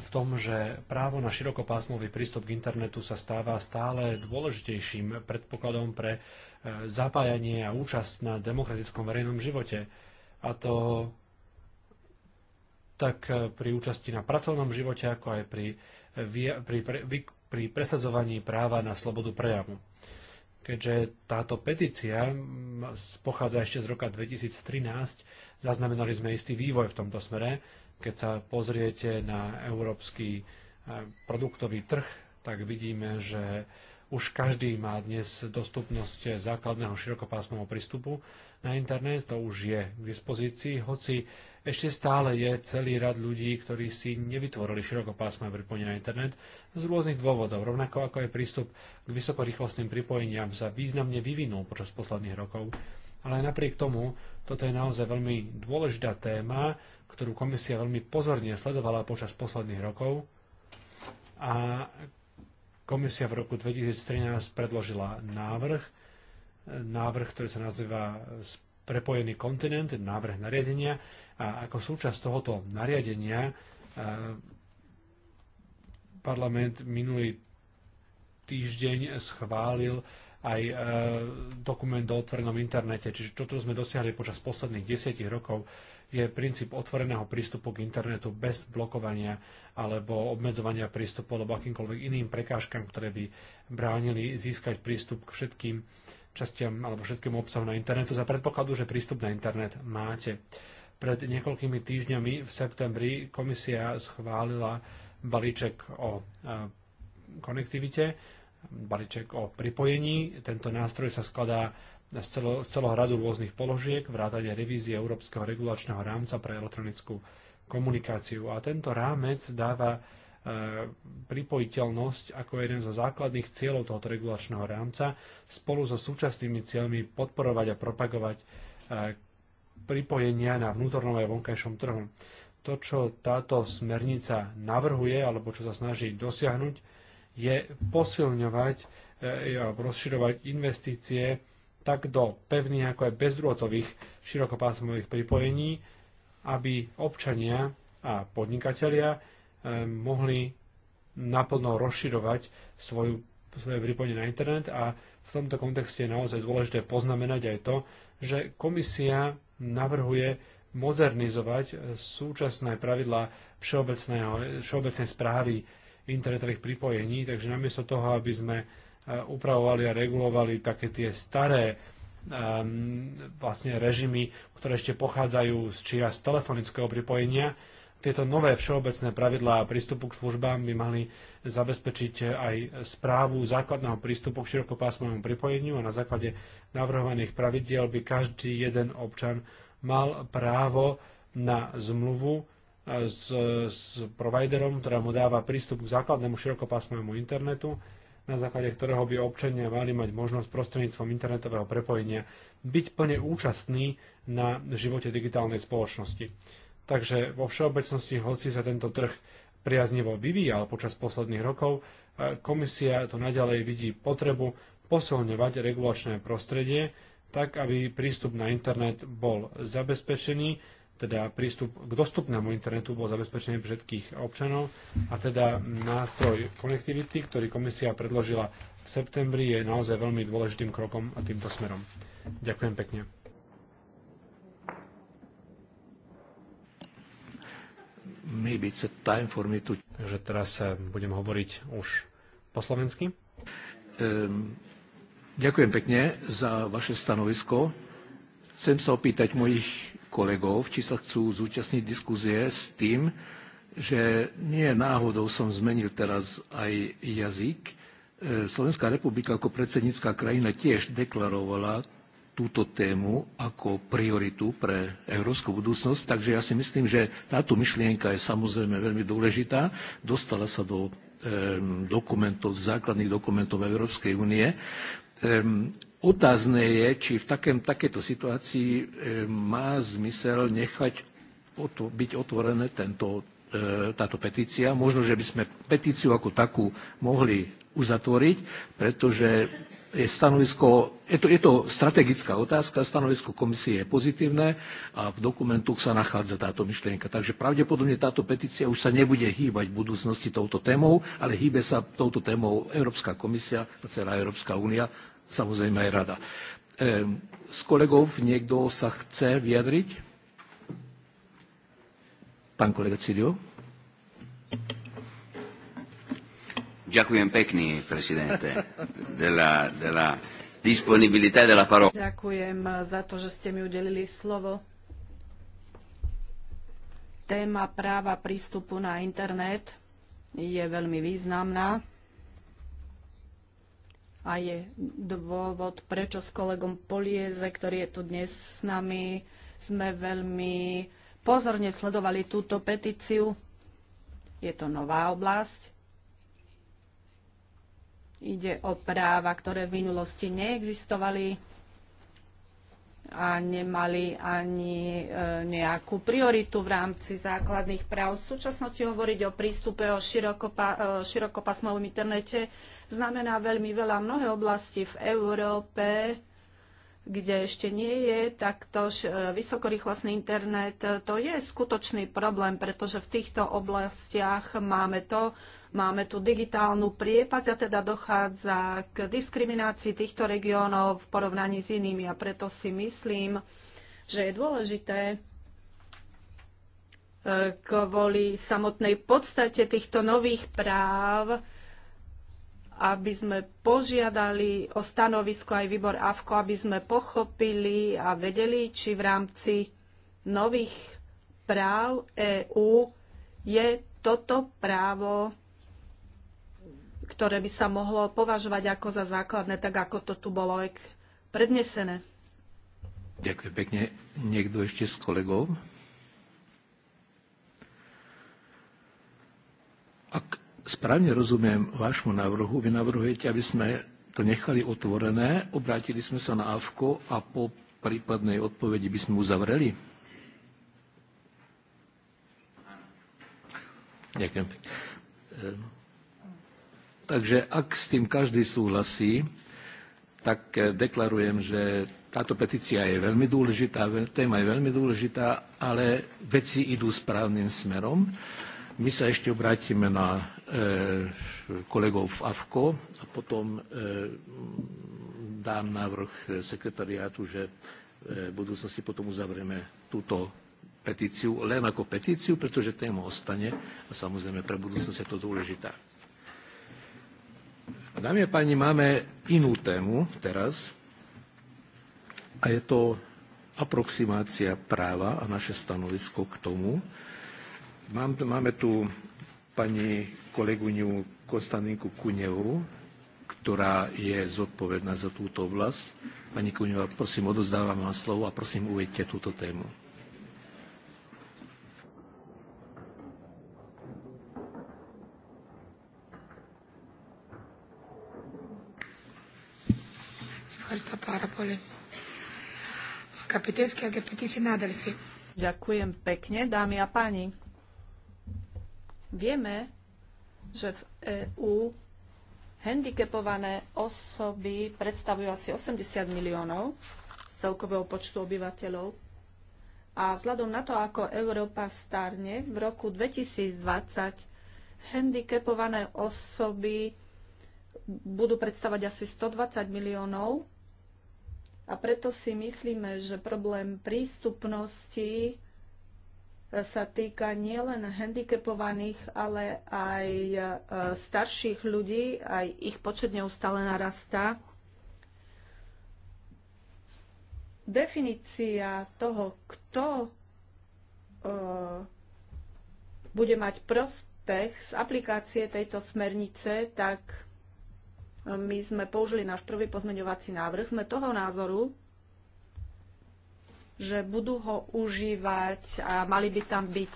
v tom, že právo na širokopásmový prístup k internetu sa stáva stále dôležitejším predpokladom pre e, zapájanie a účasť na demokratickom verejnom živote. A to tak e, pri účasti na pracovnom živote, ako aj pri, e, pri, pri, pri presazovaní práva na slobodu prejavu. Keďže táto petícia pochádza ešte z roka 2013, zaznamenali sme istý vývoj v tomto smere keď sa pozriete na európsky eh, produktový trh, tak vidíme, že už každý má dnes dostupnosť základného širokopásmového prístupu na internet, to už je k dispozícii, hoci ešte stále je celý rad ľudí, ktorí si nevytvorili širokopásmové pripojenie na internet z rôznych dôvodov, rovnako ako je prístup k vysokorýchlostným pripojeniam sa významne vyvinul počas posledných rokov ale napriek tomu toto je naozaj veľmi dôležitá téma, ktorú komisia veľmi pozorne sledovala počas posledných rokov a komisia v roku 2013 predložila návrh, návrh, ktorý sa nazýva prepojený kontinent, návrh nariadenia a ako súčasť tohoto nariadenia e, parlament minulý týždeň schválil aj e, dokument o otvorenom internete. Čiže čo sme dosiahli počas posledných desiatich rokov je princíp otvoreného prístupu k internetu bez blokovania alebo obmedzovania prístupu alebo akýmkoľvek iným prekážkam, ktoré by bránili získať prístup k všetkým častiam alebo všetkému obsahu na internetu za predpokladu, že prístup na internet máte. Pred niekoľkými týždňami v septembri komisia schválila balíček o e, konektivite, balíček o pripojení. Tento nástroj sa skladá z, celo, z celého radu rôznych položiek, vrátane revízie Európskeho regulačného rámca pre elektronickú komunikáciu. A tento rámec dáva e, pripojiteľnosť ako jeden zo základných cieľov tohoto regulačného rámca spolu so súčasnými cieľmi podporovať a propagovať e, pripojenia na vnútornom aj vonkajšom trhu. To, čo táto smernica navrhuje alebo čo sa snaží dosiahnuť, je posilňovať e, e, alebo rozširovať investície tak do pevných ako aj bezdrôtových širokopásmových pripojení, aby občania a podnikatelia e, mohli naplno rozširovať svoju, svoje pripojenie na internet a v tomto kontexte je naozaj dôležité poznamenať aj to, že komisia navrhuje modernizovať súčasné pravidlá všeobecnej správy internetových pripojení, takže namiesto toho, aby sme e, upravovali a regulovali také tie staré um, vlastne režimy, ktoré ešte pochádzajú z čia z telefonického pripojenia, tieto nové všeobecné pravidlá prístupu k službám by mali zabezpečiť aj správu základného prístupu k širokopásmovému pripojeniu a na základe navrhovaných pravidiel by každý jeden občan mal právo na zmluvu s, s providerom, ktorá mu dáva prístup k základnému širokopásmovému internetu, na základe ktorého by občania mali mať možnosť prostredníctvom internetového prepojenia byť plne účastní na živote digitálnej spoločnosti. Takže vo všeobecnosti, hoci sa tento trh priaznivo vyvíjal počas posledných rokov, e, komisia to naďalej vidí potrebu posilňovať regulačné prostredie, tak aby prístup na internet bol zabezpečený teda prístup k dostupnému internetu bol zabezpečený pre všetkých občanov a teda nástroj Connectivity, ktorý komisia predložila v septembri, je naozaj veľmi dôležitým krokom a týmto smerom. Ďakujem pekne. Maybe it's a time for me to... Takže teraz budem hovoriť už po slovensky. Um, ďakujem pekne za vaše stanovisko. Chcem sa opýtať mojich kolegov, či sa chcú zúčastniť diskuzie s tým, že nie náhodou som zmenil teraz aj jazyk. E, Slovenská republika ako predsednícká krajina tiež deklarovala túto tému ako prioritu pre európsku budúcnosť. Takže ja si myslím, že táto myšlienka je samozrejme veľmi dôležitá. Dostala sa do dokumentov, základných dokumentov Európskej únie. Otázne je, či v takém, takejto situácii e, má zmysel nechať byť otvorené tento, e, táto petícia. Možno, že by sme petíciu ako takú mohli uzatvoriť, pretože je stanovisko, je to, je to strategická otázka, stanovisko komisie je pozitívne a v dokumentoch sa nachádza táto myšlienka. Takže pravdepodobne táto petícia už sa nebude hýbať v budúcnosti touto témou, ale hýbe sa touto témou Európska komisia a celá Európska únia samozrejme aj rada. Ehm, z kolegov niekto sa chce vyjadriť? Pán kolega Cirio. Ďakujem pekný, prezidente, de la disponibilita de la parola. Ďakujem za to, že ste mi udelili slovo. Téma práva prístupu na internet je veľmi významná a je dôvod, prečo s kolegom Polieze, ktorý je tu dnes s nami, sme veľmi pozorne sledovali túto petíciu. Je to nová oblasť. Ide o práva, ktoré v minulosti neexistovali a nemali ani e, nejakú prioritu v rámci základných práv. V súčasnosti hovoriť o prístupe o e, širokopasmovom internete znamená veľmi veľa mnohé oblasti v Európe, kde ešte nie je takto e, vysokorýchlostný internet. To je skutočný problém, pretože v týchto oblastiach máme to, Máme tu digitálnu priepasť a teda dochádza k diskriminácii týchto regiónov v porovnaní s inými a preto si myslím, že je dôležité e, kvôli samotnej podstate týchto nových práv, aby sme požiadali o stanovisko aj výbor AVKO, aby sme pochopili a vedeli, či v rámci nových práv EÚ je toto právo ktoré by sa mohlo považovať ako za základné, tak ako to tu bolo aj prednesené. Ďakujem pekne. Niekto ešte z kolegov? Ak správne rozumiem vášmu návrhu, vy navrhujete, aby sme to nechali otvorené, obrátili sme sa na AVKO a po prípadnej odpovedi by sme uzavreli? Ďakujem pekne. Ehm, Takže ak s tým každý súhlasí, tak eh, deklarujem, že táto petícia je veľmi dôležitá, téma je veľmi dôležitá, ale veci idú správnym smerom. My sa ešte obrátime na e, kolegov v AFKO a potom e, dám návrh sekretariátu, že v budúcnosti potom uzavrieme túto petíciu len ako petíciu, pretože téma ostane a samozrejme pre budúcnosť je to dôležitá. Dámy a páni, máme inú tému teraz a je to aproximácia práva a naše stanovisko k tomu. Mám, máme tu pani kolegyňu Konstantinku Kunevu, ktorá je zodpovedná za túto oblasť. Pani Kuneva, prosím, odozdávam vám slovo a prosím, uvedte túto tému. Ευχαριστώ πάρα πολύ. Αγαπητές και αγαπητοί Ďakujem pekne, dámy a páni. Vieme, že v EÚ handicapované osoby predstavujú asi 80 miliónov celkového počtu obyvateľov. A vzhľadom na to, ako Európa starne, v roku 2020 handicapované osoby budú predstavať asi 120 miliónov a preto si myslíme, že problém prístupnosti sa týka nielen handicapovaných, ale aj e, starších ľudí, aj ich počet neustále narastá. Definícia toho, kto e, bude mať prospech z aplikácie tejto smernice, tak my sme použili náš prvý pozmeňovací návrh, sme toho názoru, že budú ho užívať a mali by tam byť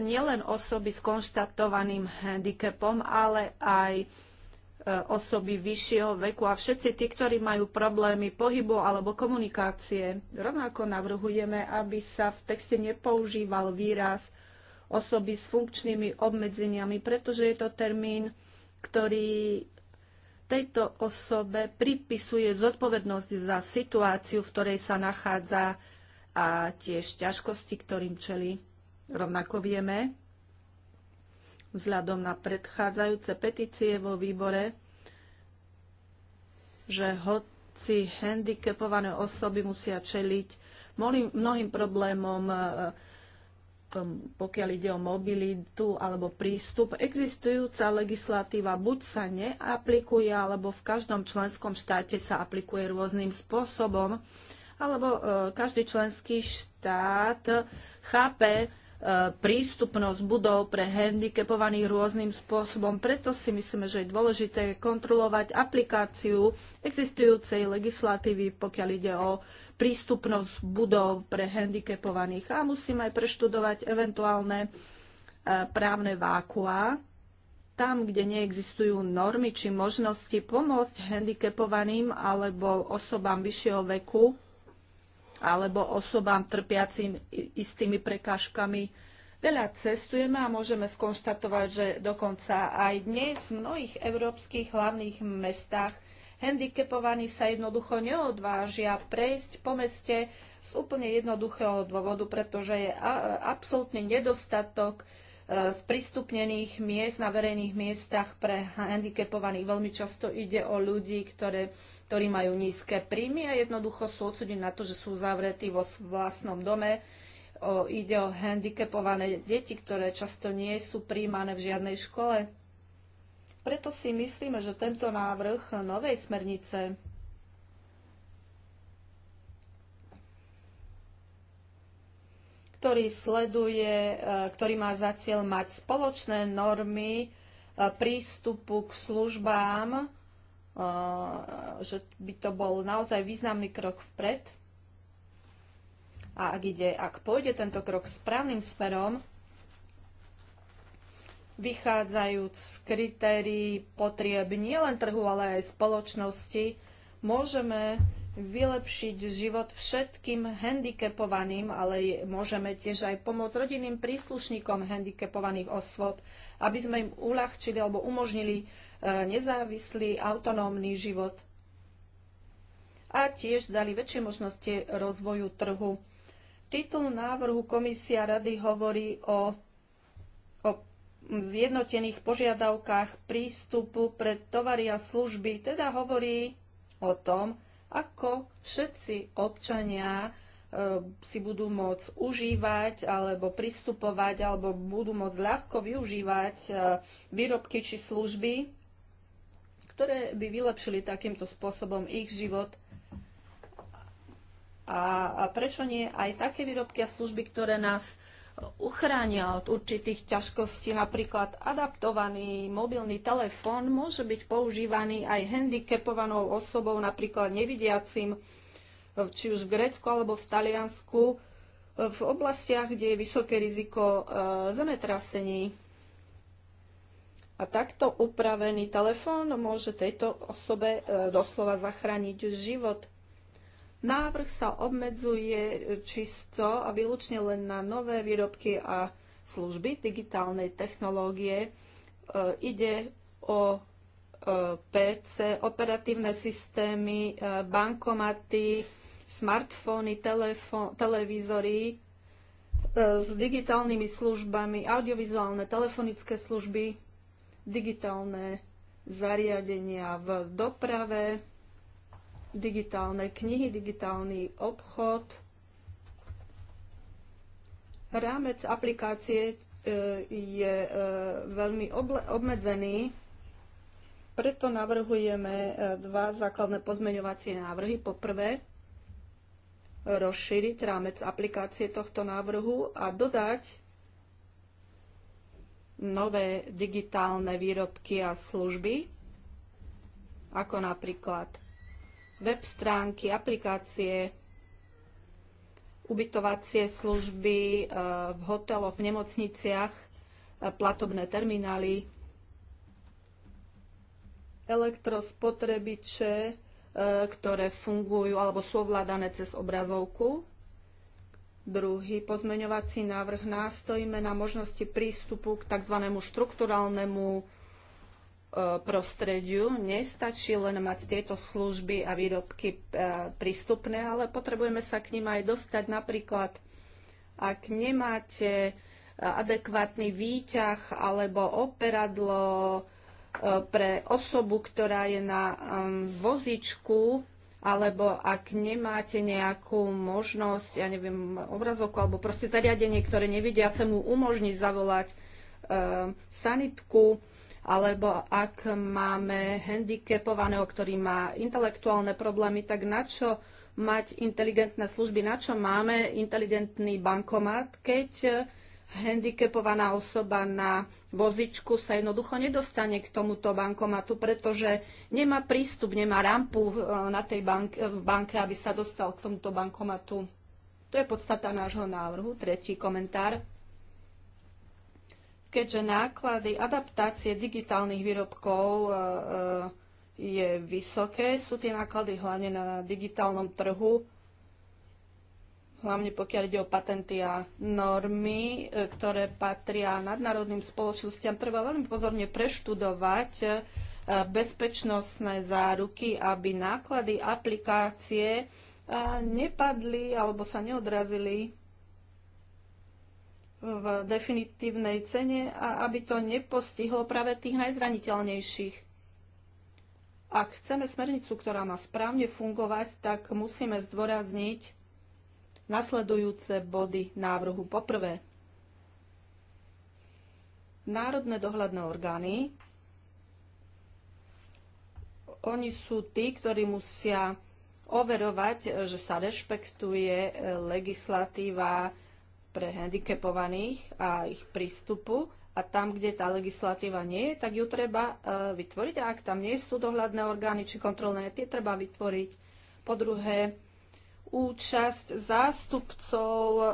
nielen osoby s konštatovaným handicapom, ale aj e, osoby vyššieho veku a všetci tí, ktorí majú problémy pohybu alebo komunikácie. Rovnako navrhujeme, aby sa v texte nepoužíval výraz osoby s funkčnými obmedzeniami, pretože je to termín, ktorý tejto osobe pripisuje zodpovednosť za situáciu, v ktorej sa nachádza a tiež ťažkosti, ktorým čeli. Rovnako vieme, vzhľadom na predchádzajúce petície vo výbore, že hoci handicapované osoby musia čeliť mnohým problémom pokiaľ ide o mobilitu alebo prístup, existujúca legislatíva buď sa neaplikuje, alebo v každom členskom štáte sa aplikuje rôznym spôsobom, alebo e, každý členský štát chápe e, prístupnosť budov pre handicapovaných rôznym spôsobom. Preto si myslíme, že je dôležité kontrolovať aplikáciu existujúcej legislatívy, pokiaľ ide o prístupnosť budov pre handicapovaných a musíme aj preštudovať eventuálne e, právne vákua, tam, kde neexistujú normy či možnosti pomôcť handicapovaným alebo osobám vyššieho veku alebo osobám trpiacim istými prekážkami. Veľa cestujeme a môžeme skonštatovať, že dokonca aj dnes v mnohých európskych hlavných mestách handicapovaní sa jednoducho neodvážia prejsť po meste z úplne jednoduchého dôvodu, pretože je absolútny nedostatok e, sprístupnených miest na verejných miestach pre handicapovaných. Veľmi často ide o ľudí, ktoré, ktorí majú nízke príjmy a jednoducho sú odsudení na to, že sú zavretí vo vlastnom dome. O, ide o handicapované deti, ktoré často nie sú príjmané v žiadnej škole preto si myslíme, že tento návrh novej smernice ktorý sleduje, eh, ktorý má za cieľ mať spoločné normy eh, prístupu k službám, eh, že by to bol naozaj významný krok vpred. A ak, ide, ak pôjde tento krok správnym smerom, vychádzajúc z kritérií potrieb nielen trhu, ale aj spoločnosti, môžeme vylepšiť život všetkým handicapovaným, ale môžeme tiež aj pomôcť rodinným príslušníkom handicapovaných osôb, aby sme im uľahčili alebo umožnili e, nezávislý, autonómny život a tiež dali väčšie možnosti rozvoju trhu. Titul návrhu Komisia rady hovorí o zjednotených požiadavkách prístupu pre tovary a služby, teda hovorí o tom, ako všetci občania e, si budú môcť užívať alebo pristupovať alebo budú môcť ľahko využívať e, výrobky či služby, ktoré by vylepšili takýmto spôsobom ich život. A, a prečo nie aj také výrobky a služby, ktoré nás uchránia od určitých ťažkostí. Napríklad adaptovaný mobilný telefón môže byť používaný aj handicapovanou osobou, napríklad nevidiacim, či už v Grécku alebo v Taliansku, v oblastiach, kde je vysoké riziko e, zemetrasení. A takto upravený telefón môže tejto osobe e, doslova zachrániť život. Návrh sa obmedzuje čisto a výlučne len na nové výrobky a služby digitálnej technológie. E, ide o e, PC, operatívne systémy, e, bankomaty, smartfóny, televízory s digitálnymi službami, audiovizuálne, telefonické služby, digitálne zariadenia v doprave, digitálne knihy, digitálny obchod, rámec aplikácie e, je e, veľmi obmedzený, preto navrhujeme e, dva základné pozmeňovacie návrhy. Po prvé, rozšíriť rámec aplikácie tohto návrhu a dodať nové digitálne výrobky a služby, ako napríklad web stránky, aplikácie, ubytovacie služby e, v hoteloch, v nemocniciach, e, platobné terminály, elektrospotrebiče, e, ktoré fungujú alebo sú ovládané cez obrazovku. Druhý pozmeňovací návrh nástojíme na možnosti prístupu k tzv. štrukturálnemu prostrediu. Nestačí len mať tieto služby a výrobky e, prístupné, ale potrebujeme sa k ním aj dostať. Napríklad, ak nemáte e, adekvátny výťah alebo operadlo e, pre osobu, ktorá je na vozičku, alebo ak nemáte nejakú možnosť, ja neviem, obrazovku alebo proste zariadenie, ktoré nevidiacemu umožní zavolať sanitku, alebo ak máme handicapovaného, ktorý má intelektuálne problémy, tak na čo mať inteligentné služby, na čo máme inteligentný bankomat, keď handicapovaná osoba na vozičku sa jednoducho nedostane k tomuto bankomatu, pretože nemá prístup, nemá rampu eh, na tej bank- eh, v banke, aby sa dostal k tomuto bankomatu. To je podstata nášho návrhu. Tretí komentár keďže náklady adaptácie digitálnych výrobkov e, e, je vysoké, sú tie náklady hlavne na digitálnom trhu, hlavne pokiaľ ide o patenty a normy, e, ktoré patria nadnárodným spoločnostiam. Treba veľmi pozorne preštudovať bezpečnostné záruky, aby náklady aplikácie nepadli alebo sa neodrazili v definitívnej cene a aby to nepostihlo práve tých najzraniteľnejších. Ak chceme smernicu, ktorá má správne fungovať, tak musíme zdôrazniť nasledujúce body návrhu. Poprvé, národné dohľadné orgány, oni sú tí, ktorí musia overovať, že sa rešpektuje legislatíva, pre handicapovaných a ich prístupu a tam, kde tá legislatíva nie je, tak ju treba e, vytvoriť a ak tam nie sú dohľadné orgány či kontrolné, tie treba vytvoriť. Po druhé, účasť zástupcov e,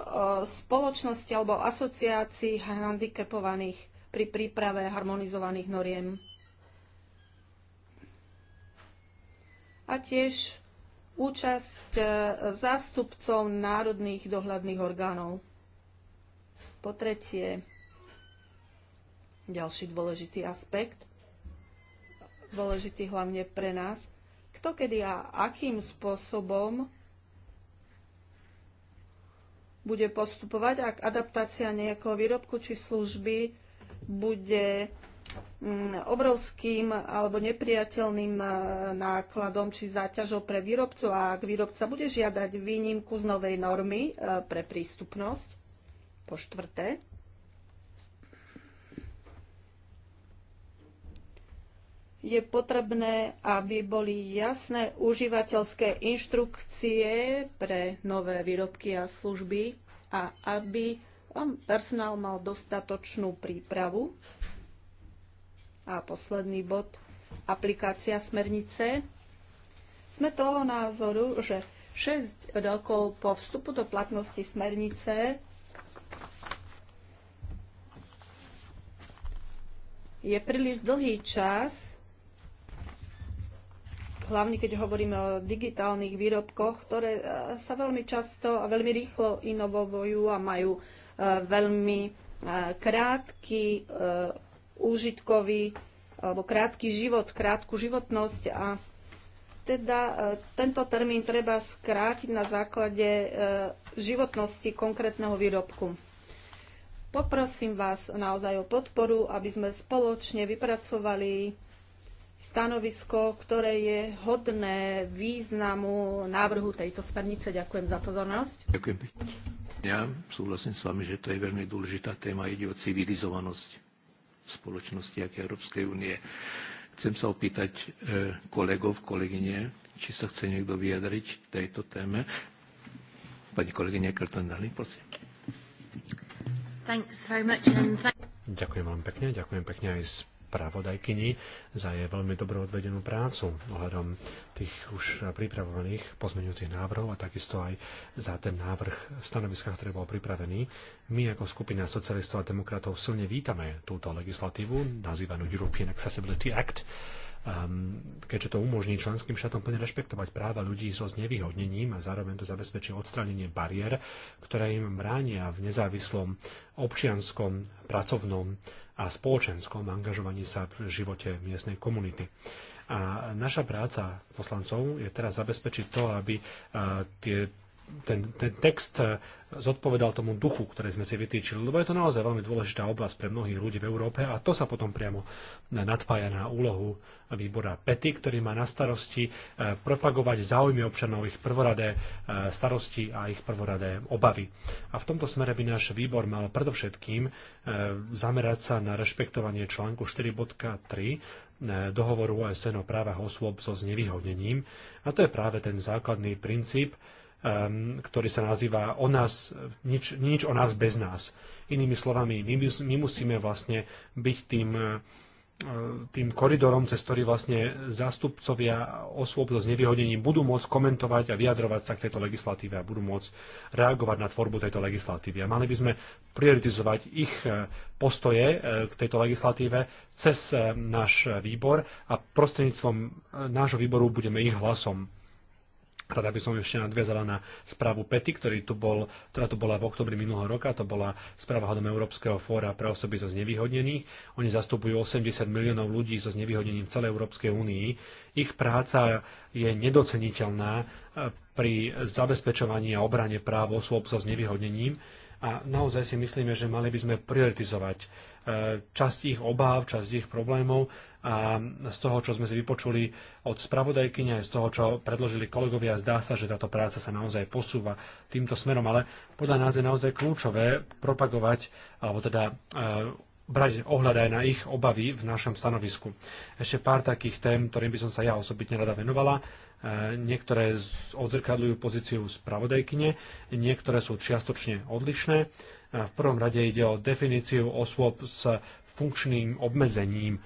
spoločnosti alebo asociácií handicapovaných pri príprave harmonizovaných noriem. A tiež účasť e, zástupcov národných dohľadných orgánov. Po tretie, ďalší dôležitý aspekt, dôležitý hlavne pre nás, kto kedy a akým spôsobom bude postupovať, ak adaptácia nejakého výrobku či služby bude mm, obrovským alebo nepriateľným e, nákladom či záťažou pre výrobcu a ak výrobca bude žiadať výnimku z novej normy e, pre prístupnosť, po štvrté, je potrebné, aby boli jasné užívateľské inštrukcie pre nové výrobky a služby a aby um, personál mal dostatočnú prípravu. A posledný bod, aplikácia smernice. Sme toho názoru, že 6 rokov po vstupu do platnosti smernice je príliš dlhý čas, hlavne keď hovoríme o digitálnych výrobkoch, ktoré e, sa veľmi často a veľmi rýchlo inovovujú a majú e, veľmi e, krátky úžitkový alebo krátky život, krátku životnosť a teda tento termín treba skrátiť na základe životnosti konkrétneho výrobku. Poprosím vás naozaj o podporu, aby sme spoločne vypracovali stanovisko, ktoré je hodné významu návrhu tejto smernice. Ďakujem za pozornosť. Ďakujem. Ja súhlasím s vami, že to je veľmi dôležitá téma. Ide o civilizovanosť v spoločnosti, ako Európskej únie. Chcem sa opýtať e, kolegov, kolegyne, či sa chce niekto vyjadriť k tejto téme. Pani kolegyne Kelton, prosím. Ďakujem veľmi pekne, ďakujem pekne aj spravodajkyni za jej veľmi dobrú odvedenú prácu ohľadom tých už pripravovaných pozmeňujúcich návrhov a takisto aj za ten návrh stanoviska, ktorý bol pripravený. My ako skupina socialistov a demokratov silne vítame túto legislatívu, nazývanú European Accessibility Act, Ehm, keďže to umožní členským štátom plne rešpektovať práva ľudí so znevýhodnením a zároveň to zabezpečí odstránenie bariér, ktoré im bránia v nezávislom občianskom, pracovnom a spoločenskom angažovaní sa v živote miestnej komunity. A naša práca poslancov je teraz zabezpečiť to, aby eh, tie ten, ten text eh, zodpovedal tomu duchu, ktoré sme si vytýčili, lebo je to naozaj veľmi dôležitá oblasť pre mnohých ľudí v Európe a to sa potom priamo eh, nadpája na úlohu výbora PETI, ktorý má na starosti eh, propagovať záujmy občanov, ich prvoradé starosti a ich prvoradé obavy. A v tomto smere by náš výbor mal predovšetkým zamerať sa na rešpektovanie článku 4.3 dohovoru OSN o právach osôb so znevýhodnením, a to je práve ten základný princíp, Um, ktorý sa nazýva o nás, nič, nič o nás bez nás. Inými slovami, my, my musíme vlastne byť tým, uh, tým koridorom, cez ktorý vlastne zástupcovia osôb so znevýhodením budú môcť komentovať a vyjadrovať sa k tejto legislatíve a budú môcť reagovať na tvorbu tejto legislatívy. A mali by sme prioritizovať ich uh, postoje uh, k tejto legislatíve cez náš výbor a prostredníctvom nášho výboru budeme ich hlasom Rada by som ešte nadviazala na správu PETI, ktorý tu bol, ktorá tu bola v oktobri minulého roka. To bola správa hodom Európskeho fóra pre osoby zo znevýhodnených. Oni zastupujú 80 miliónov ľudí so znevýhodnením v celej Európskej únii. Ich práca je nedoceniteľná e, pri zabezpečovaní a obrane práv osôb so znevýhodnením. A naozaj si myslíme, že mali by sme prioritizovať E, časť ich obáv, časť ich problémov a z toho, čo sme si vypočuli od spravodajkyne, aj z toho, čo predložili kolegovia, zdá sa, že táto práca sa naozaj posúva týmto smerom, ale podľa nás je naozaj kľúčové propagovať, alebo teda e, brať ohľad aj na ich obavy v našom stanovisku. Ešte pár takých tém, ktorým by som sa ja osobitne rada venovala. E, niektoré odzrkadľujú pozíciu spravodajkyne, niektoré sú čiastočne odlišné v prvom rade ide o definíciu osôb s funkčným obmedzením.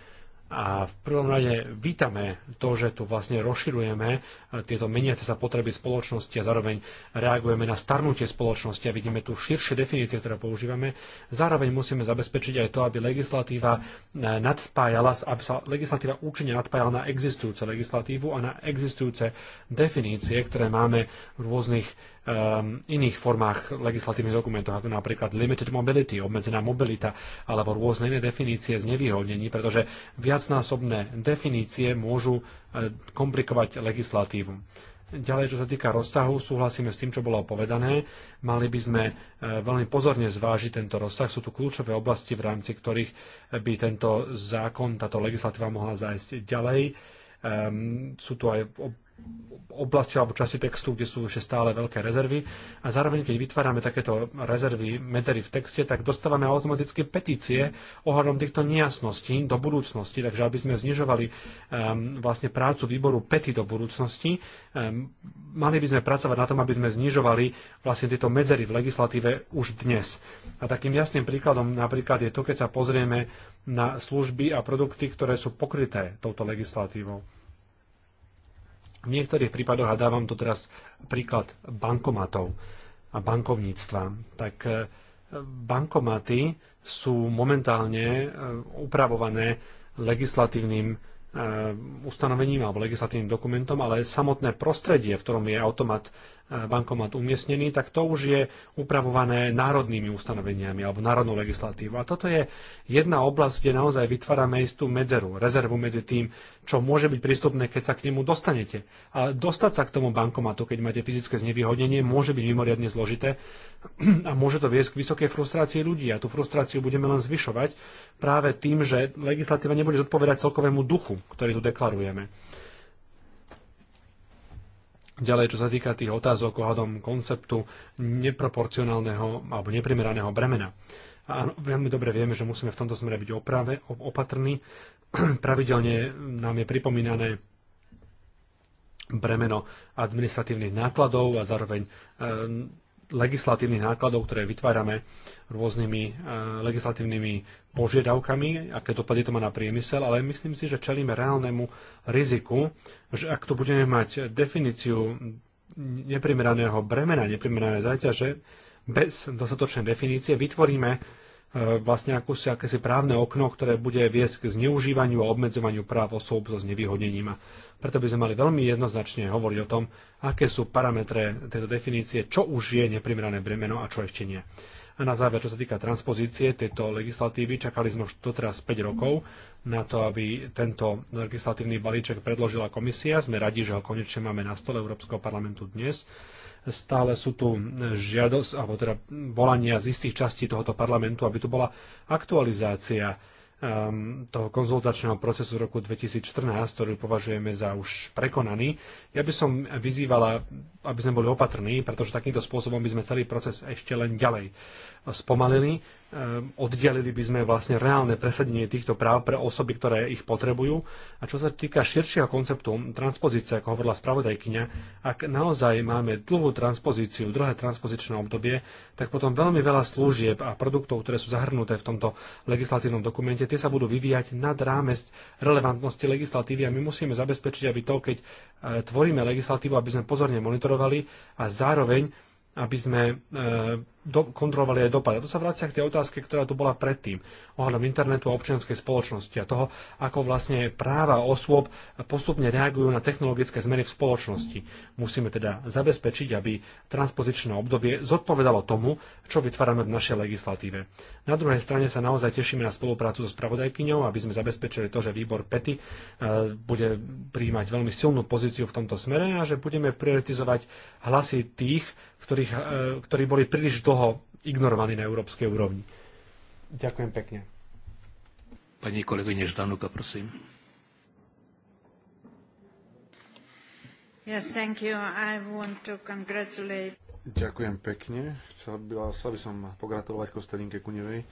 A v prvom rade vítame to, že tu vlastne rozširujeme e, tieto meniace sa potreby spoločnosti a zároveň reagujeme na starnutie spoločnosti a vidíme tu širšie definície, ktoré používame. Zároveň musíme zabezpečiť aj to, aby legislatíva e, nadspájala, aby sa legislatíva účinne nadpájala na existujúce legislatívu a na existujúce definície, ktoré máme v rôznych Um, iných formách legislatívnych dokumentov, ako napríklad limited mobility, obmedzená mobilita, alebo rôzne iné definície znevýhodnení, pretože viacnásobné definície môžu e, komplikovať legislatívu. Ďalej, čo sa týka rozsahu, súhlasíme s tým, čo bolo povedané. Mali by sme e, veľmi pozorne zvážiť tento rozsah. Sú tu kľúčové oblasti, v rámci ktorých by tento zákon, táto legislatíva mohla zájsť ďalej. Ehm, sú tu aj oblasti alebo časti textu, kde sú ešte stále veľké rezervy. A zároveň, keď vytvárame takéto rezervy, medzery v texte, tak dostávame automatické petície ohľadom týchto nejasností do budúcnosti. Takže aby sme znižovali um, vlastne prácu výboru pety do budúcnosti, um, mali by sme pracovať na tom, aby sme znižovali vlastne tieto medzery v legislatíve už dnes. A takým jasným príkladom napríklad je to, keď sa pozrieme na služby a produkty, ktoré sú pokryté touto legislatívou. V niektorých prípadoch, a dávam tu teraz príklad bankomatov a bankovníctva, tak e, bankomaty sú momentálne e, upravované legislatívnym e, ustanovením alebo legislatívnym dokumentom, ale samotné prostredie, v ktorom je automat E, bankomat umiestnený, tak to už je upravované národnými ustanoveniami alebo národnou legislatívou. A toto je jedna oblasť, kde naozaj vytvárame istú medzeru, rezervu medzi tým, čo môže byť prístupné, keď sa k nemu dostanete. A dostať sa k tomu bankomatu, keď máte fyzické znevýhodnenie, môže byť mimoriadne zložité [CLEARS THROAT] a môže to viesť k vysokej frustrácii ľudí. A tú frustráciu budeme len zvyšovať práve tým, že legislatíva nebude zodpovedať celkovému duchu, ktorý tu deklarujeme. Ďalej, čo sa týka tých otázok ohľadom konceptu neproporcionálneho alebo neprimeraného bremena. Áno, veľmi dobre vieme, že musíme v tomto smere byť oprave, opatrní. [CLEARS THROAT] Pravidelne nám je pripomínané bremeno administratívnych nákladov a zároveň e, legislatívnych nákladov, ktoré vytvárame rôznymi e, legislatívnymi požiadavkami, aké dopady to má na priemysel, ale myslím si, že čelíme reálnemu riziku, že ak tu budeme mať definíciu neprimeraného bremena, neprimerané záťaže, bez dostatočnej definície vytvoríme e, vlastne akúsi, akési právne okno, ktoré bude viesť k zneužívaniu a obmedzovaniu práv osôb so znevýhodnením. preto by sme mali veľmi jednoznačne hovoriť o tom, aké sú parametre tejto definície, čo už je neprimerané bremeno a čo ešte nie. A na záver, čo sa týka transpozície tejto legislatívy, čakali sme už doteraz 5 rokov na to, aby tento legislatívny balíček predložila komisia. Sme radi, že ho konečne máme na stole Európskeho parlamentu dnes stále sú tu žiadosť, alebo teda volania z istých častí tohoto parlamentu, aby tu bola aktualizácia ehm, toho konzultačného procesu v roku 2014, ktorý považujeme za už prekonaný, ja by som vyzývala, aby sme boli opatrní, pretože takýmto spôsobom by sme celý proces ešte len ďalej spomalili. Ehm, Oddelili by sme vlastne reálne presadenie týchto práv pre osoby, ktoré ich potrebujú. A čo sa týka širšieho konceptu transpozície, ako hovorila spravodajkyňa, ak naozaj máme dlhú transpozíciu, dlhé transpozičné obdobie, tak potom veľmi veľa služieb a produktov, ktoré sú zahrnuté v tomto legislatívnom dokumente, tie sa budú vyvíjať nad rámec relevantnosti legislatívy a my musíme zabezpečiť, aby to, keď eh, tvorí tvoríme legislatívu, aby sme pozorne monitorovali a zároveň, aby sme e, do, kontrolovali aj dopady. A to sa vracia k tej otázke, ktorá tu bola predtým, ohľadom internetu a občianskej spoločnosti a toho, ako vlastne práva osôb postupne reagujú na technologické zmeny v spoločnosti. Musíme teda zabezpečiť, aby transpozičné obdobie zodpovedalo tomu, čo vytvárame v našej legislatíve. Na druhej strane sa naozaj tešíme na spoluprácu so spravodajkyňou, aby sme zabezpečili to, že výbor PETI e, bude príjmať veľmi silnú pozíciu v tomto smere a že budeme prioritizovať hlasy tých, ktorých, e, ktorí boli príliš dlho dlho ignorovaný na európskej úrovni. Ďakujem pekne. Pani kolegyne Ždanuka, prosím. Yes, thank you. I want to congratulate... Ďakujem pekne. Chcel by, chcel by som pogratulovať Kostelinke Kunevej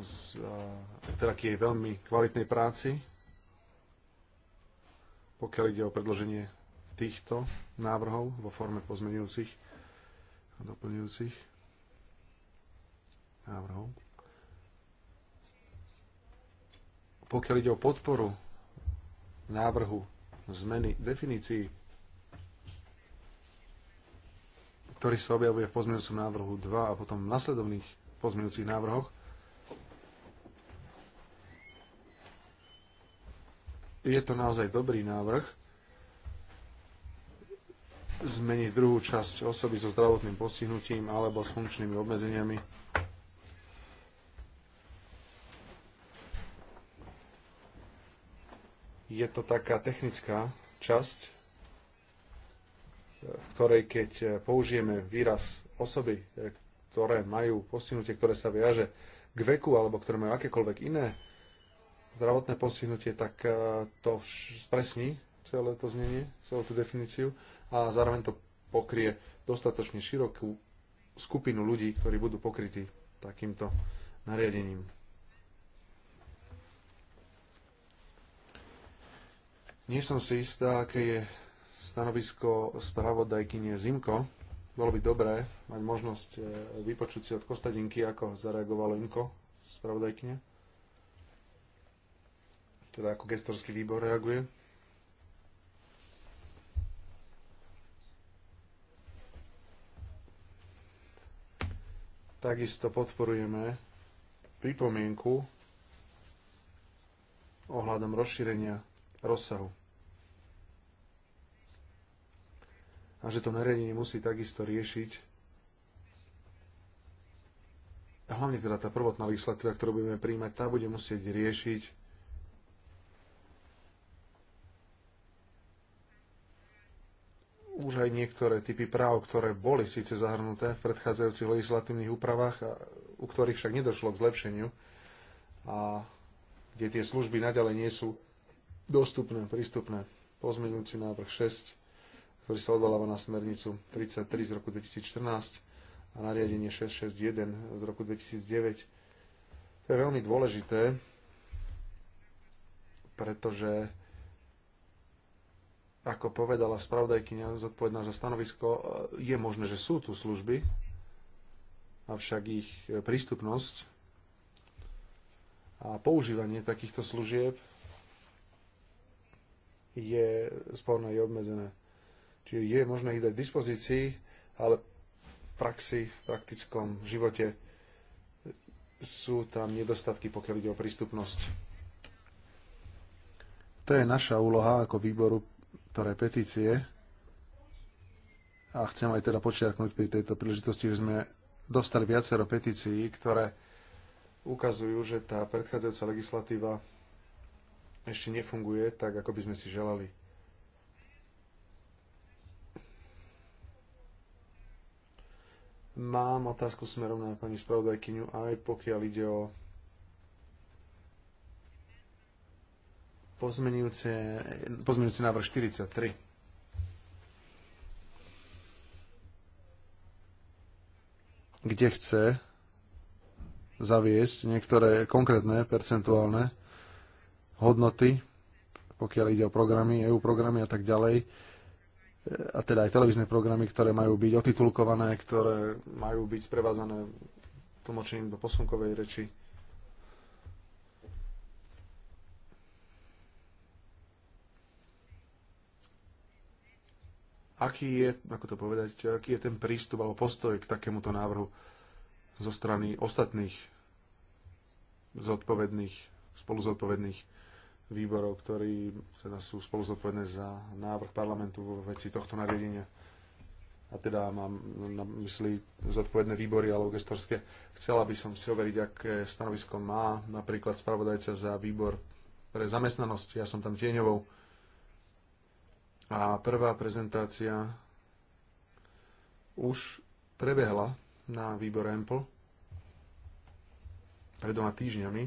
za teda jej veľmi kvalitnej práci, pokiaľ ide o predloženie týchto návrhov vo forme pozmenujúcich doplňujúcich návrhov. Pokiaľ ide o podporu návrhu zmeny definícií, ktorý sa objavuje v pozmeňujúcom návrhu 2 a potom v nasledovných pozmeňujúcich návrhoch, je to naozaj dobrý návrh, zmeniť druhú časť osoby so zdravotným postihnutím alebo s funkčnými obmedzeniami. Je to taká technická časť, v ktorej keď použijeme výraz osoby, ktoré majú postihnutie, ktoré sa viaže k veku alebo ktoré majú akékoľvek iné zdravotné postihnutie, tak eh, to spresní celé to znenie, celú tú definíciu a zároveň to pokrie dostatočne širokú skupinu ľudí, ktorí budú pokrytí takýmto nariadením. Nie som si istá, aké je stanovisko spravodajkynie Zimko. Bolo by dobré mať možnosť e, vypočuť si od Kostadinky, ako zareagovalo Imko, spravodajkynie. Teda ako gestorský výbor reaguje. Takisto podporujeme pripomienku ohľadom rozšírenia rozsahu. A že to nariadenie musí takisto riešiť hlavne teda tá prvotná legislatíva, ktorú budeme príjmať, tá bude musieť riešiť už aj niektoré typy práv, ktoré boli síce zahrnuté v predchádzajúcich legislatívnych úpravách, u ktorých však nedošlo k zlepšeniu a kde tie služby naďalej nie sú dostupné, prístupné. Pozmeňujúci návrh 6, ktorý sa odvoláva na smernicu 33 z roku 2014 a nariadenie 661 z roku 2009. To je veľmi dôležité, pretože ako povedala spravodajkynia zodpovedná za stanovisko, e, je možné, že sú tu služby, avšak ich e, prístupnosť a používanie takýchto služieb je sporné, je obmedzené. Čiže je možné ich dať v dispozícii, ale v praxi, v praktickom živote sú tam nedostatky, pokiaľ ide o prístupnosť. To je naša úloha ako výboru ktoré petície a chcem aj teda počiarknúť pri tejto príležitosti, že sme dostali viacero petícií, ktoré ukazujú, že tá predchádzajúca legislatíva ešte nefunguje tak, ako by sme si želali. Mám otázku smerom na pani spravodajkyňu, aj pokiaľ ide o pozmenujúci návrh 43. Kde chce zaviesť niektoré konkrétne percentuálne hodnoty, pokiaľ ide o programy, EU programy a tak ďalej, a teda aj televízne programy, ktoré majú byť otitulkované, ktoré majú byť sprevádzané tlmočením do posunkovej reči aký je, ako to povedať, aký je ten prístup alebo postoj k takémuto návrhu zo strany ostatných zodpovedných, spoluzodpovedných výborov, ktorí teda sú spoluzodpovedné za návrh parlamentu vo veci tohto nariadenia. A teda mám na mysli zodpovedné výbory alebo gestorské. Chcela by som si overiť, aké stanovisko má napríklad spravodajca za výbor pre zamestnanosť. Ja som tam tieňovou a prvá prezentácia už prebehla na výbore Ample pred dvoma týždňami.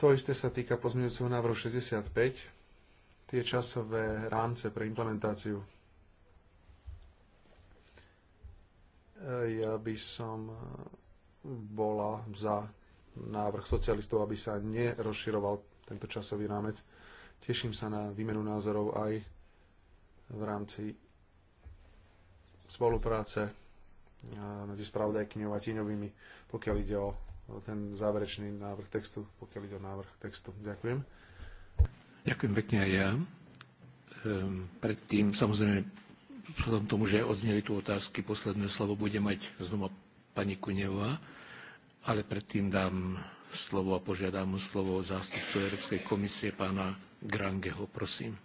To isté sa týka pozmeňujúceho návrhu 65, tie časové rámce pre implementáciu. Ja by som bola za návrh socialistov, aby sa nerozširoval tento časový rámec Teším sa na výmenu názorov aj v rámci spolupráce medzi spravodajkyňou a tieňovými, pokiaľ ide o ten záverečný návrh textu, pokiaľ ide o návrh textu. Ďakujem. Ďakujem pekne aj ja. Ehm, predtým, samozrejme, vzhľadom tomu, že odzneli tu otázky, posledné slovo bude mať znova pani Kunevá, ale predtým dám slovo a požiadam slovo zástupcu Európskej komisie pána Grangeho, prosím.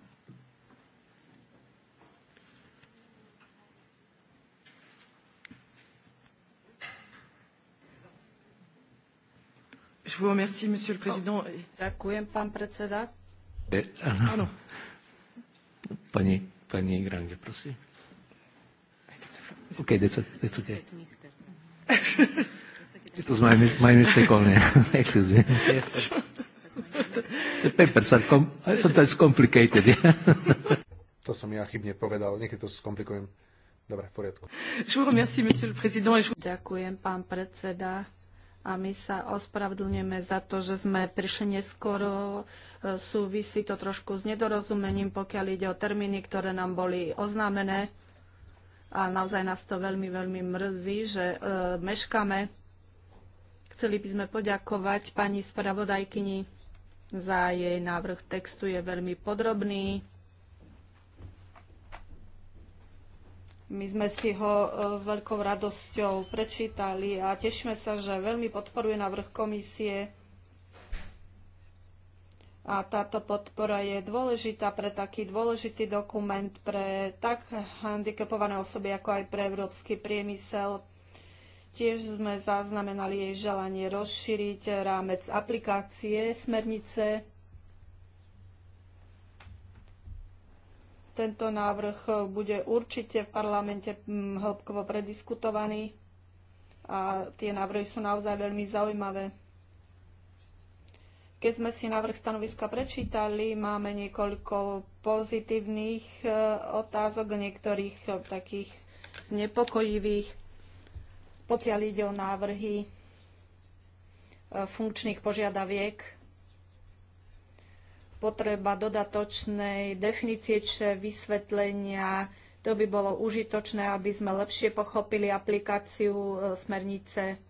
Ďakujem, pán predseda. Áno. Pani, pani Grange, prosím. OK, that's, a, that's okay. It was [LAUGHS] my, mis my [LAUGHS] Excuse me. [LAUGHS] The papers are com- sometimes complicated. Yeah. [LAUGHS] to som ja chybne povedal, niekedy to skomplikujem. Dobre, v poriadku. Ďakujem, pán predseda. A my sa ospravedlňujeme za to, že sme prišli neskoro. E, súvisí to trošku s nedorozumením, pokiaľ ide o termíny, ktoré nám boli oznámené. A naozaj nás to veľmi, veľmi mrzí, že e, meškame. Chceli by sme poďakovať pani spravodajkyni za jej návrh textu je veľmi podrobný. My sme si ho e, s veľkou radosťou prečítali a tešíme sa, že veľmi podporuje návrh komisie. A táto podpora je dôležitá pre taký dôležitý dokument pre tak handicapované osoby, ako aj pre európsky priemysel, Tiež sme zaznamenali jej želanie rozšíriť rámec aplikácie smernice. Tento návrh bude určite v parlamente mm, hĺbkovo prediskutovaný a tie návrhy sú naozaj veľmi zaujímavé. Keď sme si návrh stanoviska prečítali, máme niekoľko pozitívnych eh, otázok, niektorých eh, takých znepokojivých. Pokiaľ ide o návrhy e, funkčných požiadaviek, potreba dodatočnej definície či vysvetlenia, to by bolo užitočné, aby sme lepšie pochopili aplikáciu e, smernice.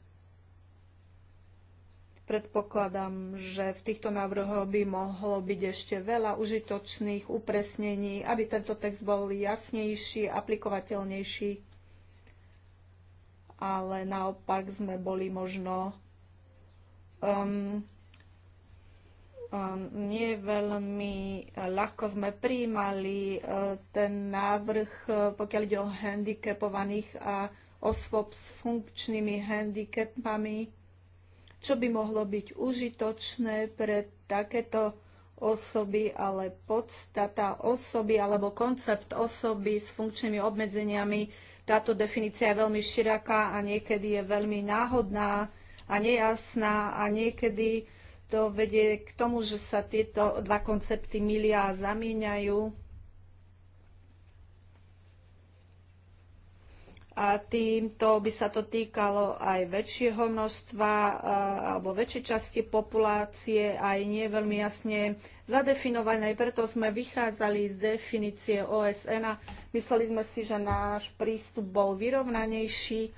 Predpokladám, že v týchto návrhoch by mohlo byť ešte veľa užitočných upresnení, aby tento text bol jasnejší, aplikovateľnejší ale naopak sme boli možno um, um, nie veľmi ľahko sme prijímali uh, ten návrh, uh, pokiaľ ide o handicapovaných a osôb s funkčnými handicapami, čo by mohlo byť užitočné pre takéto osoby, ale podstata osoby alebo koncept osoby s funkčnými obmedzeniami táto definícia je veľmi široká a niekedy je veľmi náhodná a nejasná a niekedy to vedie k tomu, že sa tieto dva koncepty milia a zamieňajú. a týmto by sa to týkalo aj väčšieho množstva alebo väčšej časti populácie, aj nie veľmi jasne zadefinované. Preto sme vychádzali z definície OSN a mysleli sme si, že náš prístup bol vyrovnanejší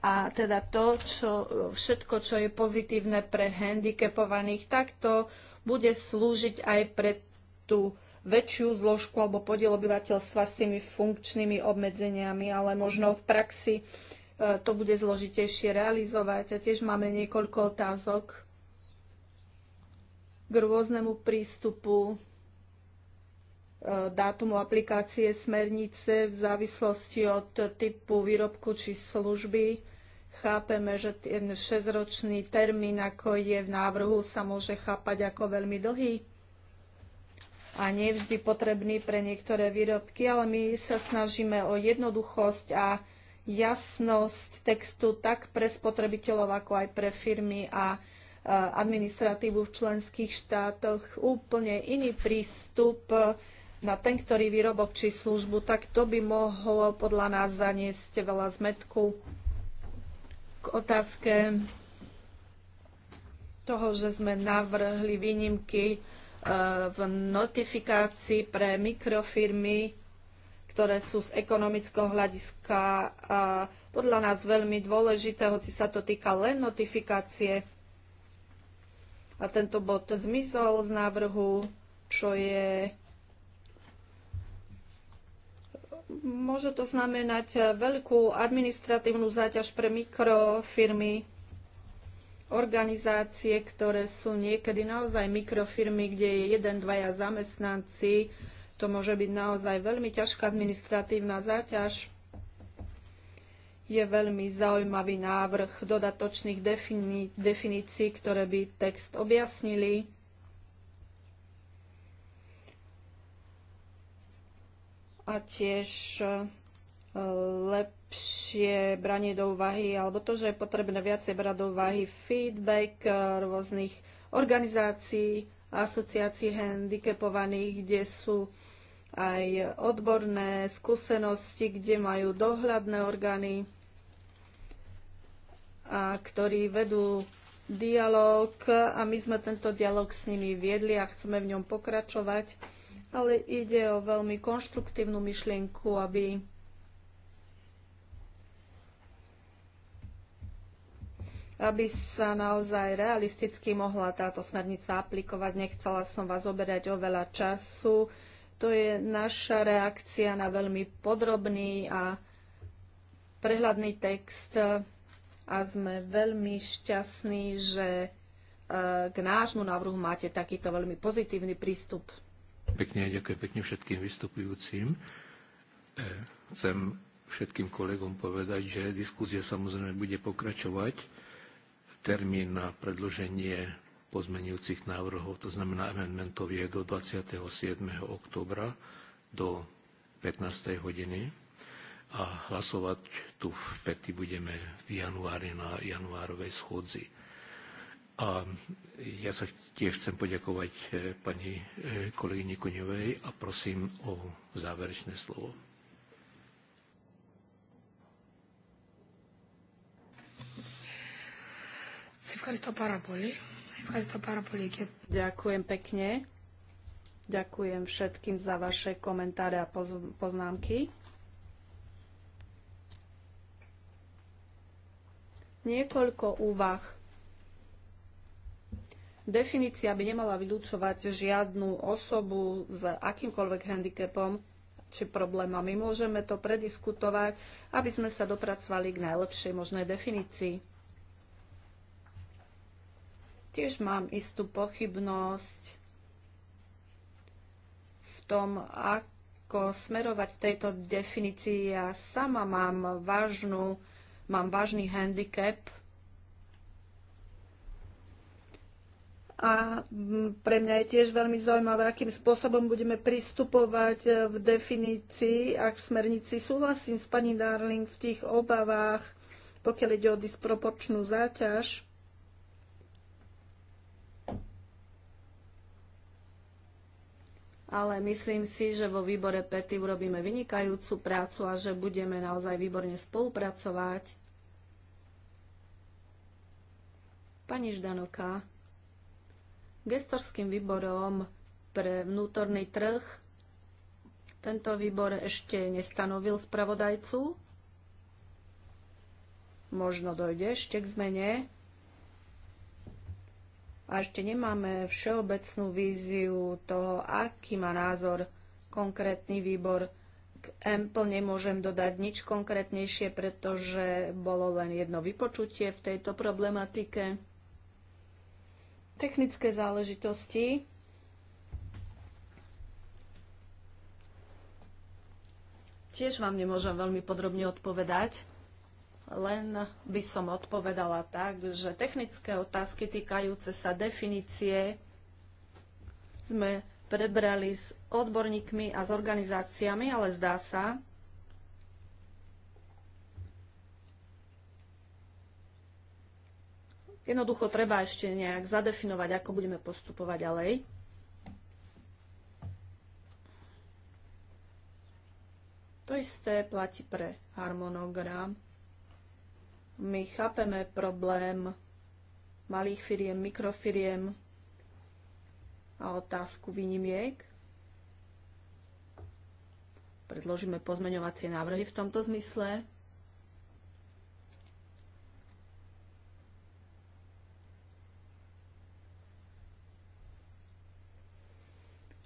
a teda to, čo, všetko, čo je pozitívne pre handicapovaných, tak to bude slúžiť aj pre tú väčšiu zložku alebo podiel obyvateľstva s tými funkčnými obmedzeniami, ale možno v praxi e, to bude zložitejšie realizovať. A tiež máme niekoľko otázok k rôznemu prístupu e, dátumu aplikácie smernice v závislosti od typu výrobku či služby. Chápeme, že ten 6-ročný termín, ako je v návrhu, sa môže chápať ako veľmi dlhý a nevždy potrebný pre niektoré výrobky, ale my sa snažíme o jednoduchosť a jasnosť textu tak pre spotrebiteľov, ako aj pre firmy a administratívu v členských štátoch úplne iný prístup na ten, ktorý výrobok či službu, tak to by mohlo podľa nás zaniesť veľa zmetku k otázke toho, že sme navrhli výnimky v notifikácii pre mikrofirmy, ktoré sú z ekonomického hľadiska podľa nás veľmi dôležité, hoci sa to týka len notifikácie. A tento bod zmizol z návrhu, čo je môže to znamenať e, veľkú administratívnu záťaž pre mikrofirmy, organizácie, ktoré sú niekedy naozaj mikrofirmy, kde je jeden, dvaja zamestnanci. To môže byť naozaj veľmi ťažká administratívna záťaž. Je veľmi zaujímavý návrh dodatočných definí- definícií, ktoré by text objasnili. A tiež e, lep lepšie branie do úvahy, alebo to, že je potrebné viacej brať do úvahy feedback eh, rôznych organizácií, asociácií handicapovaných, kde sú aj odborné skúsenosti, kde majú dohľadné orgány, a ktorí vedú dialog a my sme tento dialog s nimi viedli a chceme v ňom pokračovať, ale ide o veľmi konštruktívnu myšlienku, aby aby sa naozaj realisticky mohla táto smernica aplikovať. Nechcela som vás oberať o veľa času. To je naša reakcia na veľmi podrobný a prehľadný text a sme veľmi šťastní, že e, k nášmu návrhu máte takýto veľmi pozitívny prístup. Pekne, ďakujem pekne všetkým vystupujúcim. E, chcem všetkým kolegom povedať, že diskusia samozrejme bude pokračovať termín na predloženie pozmenujúcich návrhov, to znamená amendmentov je do 27. oktobra do 15. hodiny a hlasovať tu v pety budeme v januári na januárovej schôdzi. A ja sa tiež chcem poďakovať eh, pani eh, kolegyni Koňovej a prosím o záverečné slovo. Ďakujem pekne. Ďakujem všetkým za vaše komentáre a poznámky. Niekoľko úvah. Definícia by nemala vylúčovať žiadnu osobu s akýmkoľvek handicapom či problémami. Môžeme to prediskutovať, aby sme sa dopracovali k najlepšej možnej definícii. Tiež mám istú pochybnosť v tom, ako smerovať v tejto definícii. Ja sama mám, vážnu, mám vážny handicap, A pre mňa je tiež veľmi zaujímavé, akým spôsobom budeme pristupovať e, v definícii a v smernici. Súhlasím s pani Darling v tých obavách, pokiaľ ide o disproporčnú záťaž. ale myslím si, že vo výbore PETI urobíme vynikajúcu prácu a že budeme naozaj výborne spolupracovať. Pani Ždanoka, gestorským výborom pre vnútorný trh tento výbor ešte nestanovil spravodajcu. Možno dojde ešte k zmene a ešte nemáme všeobecnú víziu toho, aký má názor konkrétny výbor. K EMPL nemôžem dodať nič konkrétnejšie, pretože bolo len jedno vypočutie v tejto problematike. Technické záležitosti. Tiež vám nemôžem veľmi podrobne odpovedať. Len by som odpovedala tak, že technické otázky týkajúce sa definície sme prebrali s odborníkmi a s organizáciami, ale zdá sa, Jednoducho treba ešte nejak zadefinovať, ako budeme postupovať ďalej. To isté platí pre harmonogram. My chápeme problém malých firiem, mikrofiriem a otázku výnimiek. Predložíme pozmeňovacie návrhy v tomto zmysle.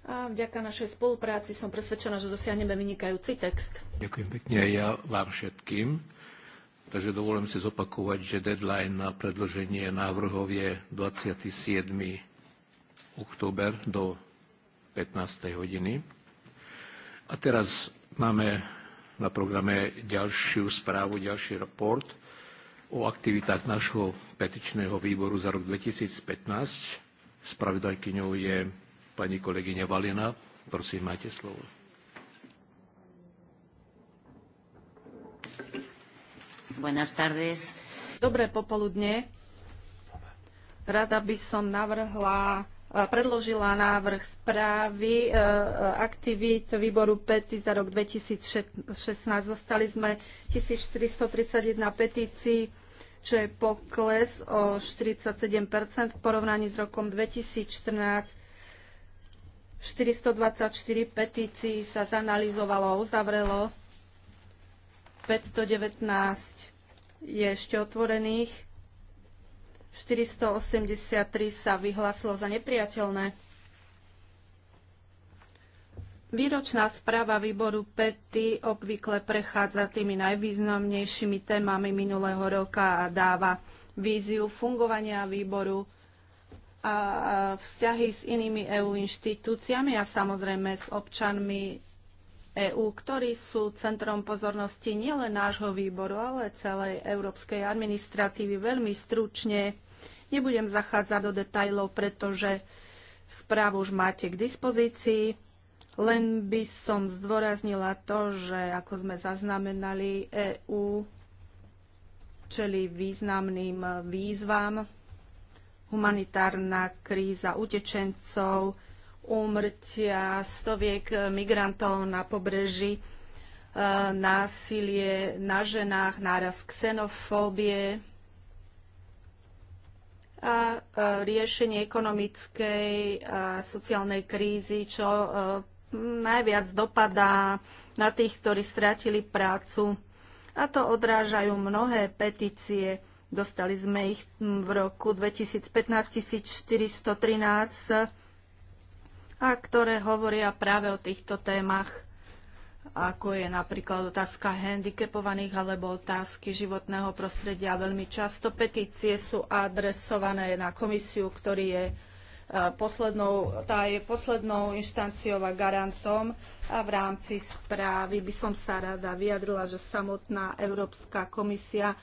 A vďaka našej spolupráci som presvedčená, že dosiahneme vynikajúci text. Ďakujem pekne ja vám všetkým. Takže dovolím si zopakovať, že deadline na predloženie návrhov je 27. október do 15. hodiny. A teraz máme na programe ďalšiu správu, ďalší raport o aktivitách našho petičného výboru za rok 2015. Spravodajkyňou je pani kolegyňa Valina. Prosím, máte slovo. Buenas tardes. Dobré popoludne. Rada by som navrhla, e, predložila návrh správy e, e, aktivít výboru PETI za rok 2016. Zostali sme 1431 petícií, čo je pokles o 47 v porovnaní s rokom 2014. 424 petícií sa zanalizovalo a uzavrelo 519 je ešte otvorených. 483 sa vyhlásilo za nepriateľné. Výročná správa výboru PETI obvykle prechádza tými najvýznamnejšími témami minulého roka a dáva víziu fungovania výboru a vzťahy s inými EU inštitúciami a samozrejme s občanmi EÚ, ktorí sú centrom pozornosti nielen nášho výboru, ale celej európskej administratívy. Veľmi stručne nebudem zachádzať do detajlov, pretože správu už máte k dispozícii. Len by som zdôraznila to, že ako sme zaznamenali, EÚ čeli významným výzvam. Humanitárna kríza utečencov, úmrtia stoviek migrantov na pobreží, e, násilie na ženách, náraz ksenofóbie a e, riešenie ekonomickej a sociálnej krízy, čo e, najviac dopadá na tých, ktorí strátili prácu. A to odrážajú mnohé petície. Dostali sme ich v roku 2015 1413 a ktoré hovoria práve o týchto témach, ako je napríklad otázka handicapovaných alebo otázky životného prostredia. Veľmi často petície sú adresované na komisiu, ktorý je e, poslednou, tá je poslednou inštanciou a garantom a v rámci správy by som sa rada vyjadrila, že samotná Európska komisia